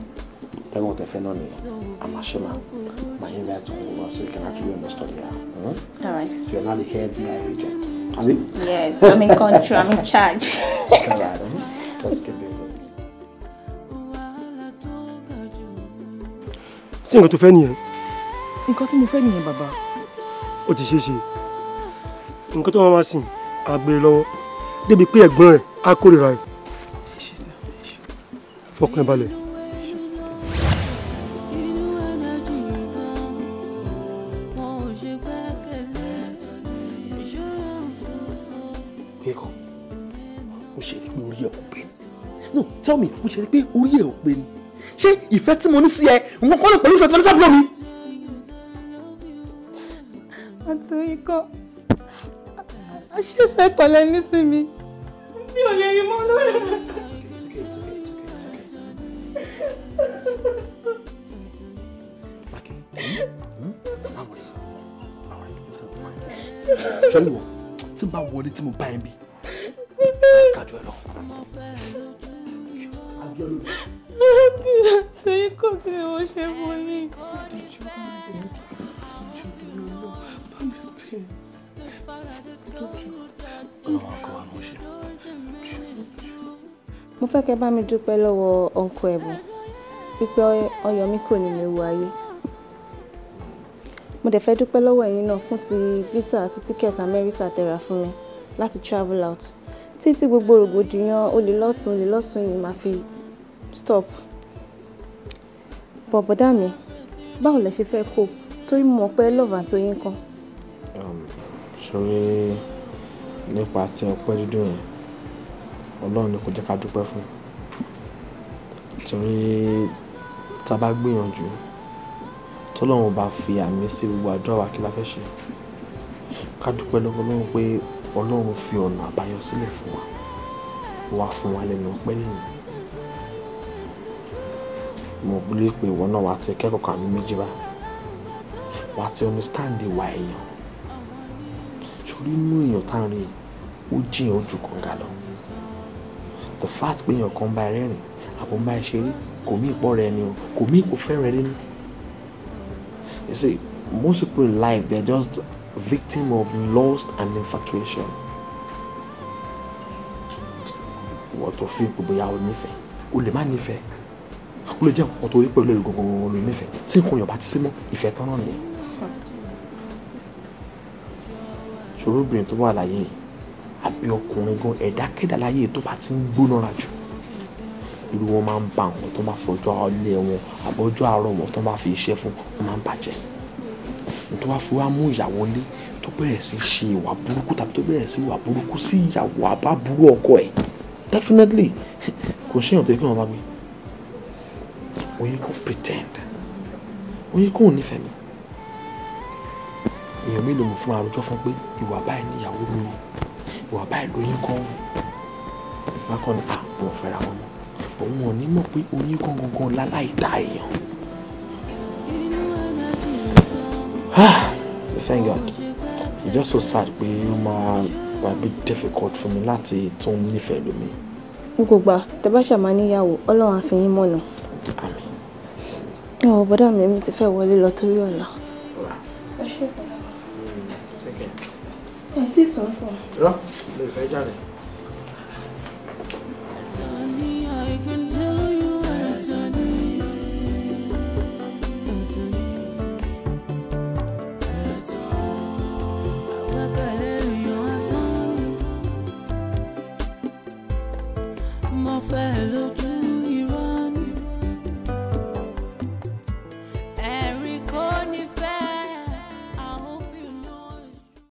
tẹgbọn tẹfẹ náà nìyẹn àmàṣẹmà my invite to you so you can actually understand that. Mm? All right. So you're not the head of the agent. Abi? Yes, I'm in control, I'm in charge. Claro. sí nǹkan tó fẹ́ nìyẹn. nǹkan tí mo fẹ́ nìyẹn bàbá. ó ti ṣeé ṣe nǹkan tó máa ma sìn àgbèrè e lọ́wọ́ débi pé ẹ̀gbọ́n rẹ̀ á kórìíra rẹ̀ fọkàn balẹ̀ tell me mo ṣe rí pé orí ẹ̀ ò pé ni ṣé ìfẹ́ tí mo ní sí ẹ nǹkan kọ́ lè pẹ̀lú ìfẹ́ tí mo ní sábúrò mi. àti ikọ̀ aṣèfẹ́ tọ̀lẹ́ ní sí mi mi ò lè rí mọ́ lórí mi. sọ́ni wọ̀ tí n bá wọlé tí mo bá ẹ bí kájú ẹ lọ jẹ́ lójú. torí kò sí ni mo ṣe mú ní. mo fẹ́ kẹ́ bá mi dúpẹ́ lọ́wọ́ ọ̀nkọ ẹ̀bùn pípẹ́ ọyọ̀ mi kò ní léwu ayé mo dẹ̀ fẹ́ dúpẹ́ lọ́wọ́ ẹ̀yin náà fún ti visa àti tíkẹ́ẹ̀tì amẹ́ríkà tẹ̀ra fún mi láti travel out títí gbogbo rògbòdìyàn olè lọ́tún olè lọ́sùn yìí máa fi stop but bọ̀dá mi báwo lẹ ṣe fẹ́ kó torí mo mọ̀ pé love àtọyín kan. Um, sori nípa tí ọpẹ́ dídùn yẹn Ọlọ́run ni kò jẹ́ ká dúpẹ́ fún torí tá a bá gbìyànjú tọ́lọ́run bá fi àmì sí gbogbo àdúrà wa kí la fẹ́ ṣe ká dúpẹ́ lọ́wọ́ Ọlọ́run pé Ọlọ́run fi ọ̀nà àbáyọ sílẹ̀ fún wa wá fún wa lẹ́nu ọpẹ́ lẹ́yìn mo lè pe ìwọ náà wá ti kẹ́kọ̀ọ́ kan méjì bá wá ti understand ìwà èèyàn sórí inú èèyàn tá à ń rí ó jìyàn ojú kan gà lọ the fact pé èèyàn kan bá ẹ rẹ́rìn àbò ń bá ẹ ṣeré kò mí ìpọ́ rẹ ni o kò mí ìpò fẹ́ rẹ nínú you see most people in life they are just victim of lust and infatuation wọ́n tó fi gbogbo ìyàwó nífẹ̀ẹ́ o lè má nífẹ̀ẹ́ ó lè jẹ́ nǹkan tó rí pẹ̀lú èrò gbogbo ló nífẹ̀ẹ́ tí nǹkan yọ̀bá ti sí mọ́ ìfẹ́ tán náà nìyẹn. ṣòro obìnrin tó wà láyé àbí ọkùnrin gan ẹ̀dákẹ́dà láyé tó bá ti ń gbónára jù irú wọn máa ń ba nǹkan tó máa fọjọ́ ọlẹ́ wọn àbọ̀jọ́ àárọ̀ wọn tó máa fi iṣẹ́ fún wọn máa ń bàjẹ́ nítorí wàá fi wá mú ìyàwó lé tó bẹ̀rẹ̀ sí ṣe ìwà burúkú tàbí tó bẹ̀rẹ̀ sí ìwà burúkú sí ìyàwó àbá burú ọkọ ẹ̀ definitely kò ṣèyàn tó yẹ kí wọ́n bá gbé Oyin kò pretend. Oyin kò nífẹ̀ẹ́ mi. Èèyàn mo fún àròjọ fún pé ìwà báyìí ni ìyàwó mi o. Ìwà báyìí lóyún kan. Bákan ni àwọn fẹ́ra wọn mọ́. Òun ò ní mọ̀ pé oyin kan gangan láláì dá èèyàn. Ah, thank God. It's just so sad pé ó máa wà bí difficult fún mi láti tún nífẹ̀ẹ́ lómi. Gbogbo gbà tẹ bá ṣàmà níyàwó Ọlọ́run àfihàn mọ̀nà. Amen ẹ ò bọ́dà mi mi ti fẹ́ wọlé lọ torí ọ̀la. ẹ ṣe mm, ìpàdé. ẹ tí sọ̀nsọ̀n. rọ lè fẹ́ jáde.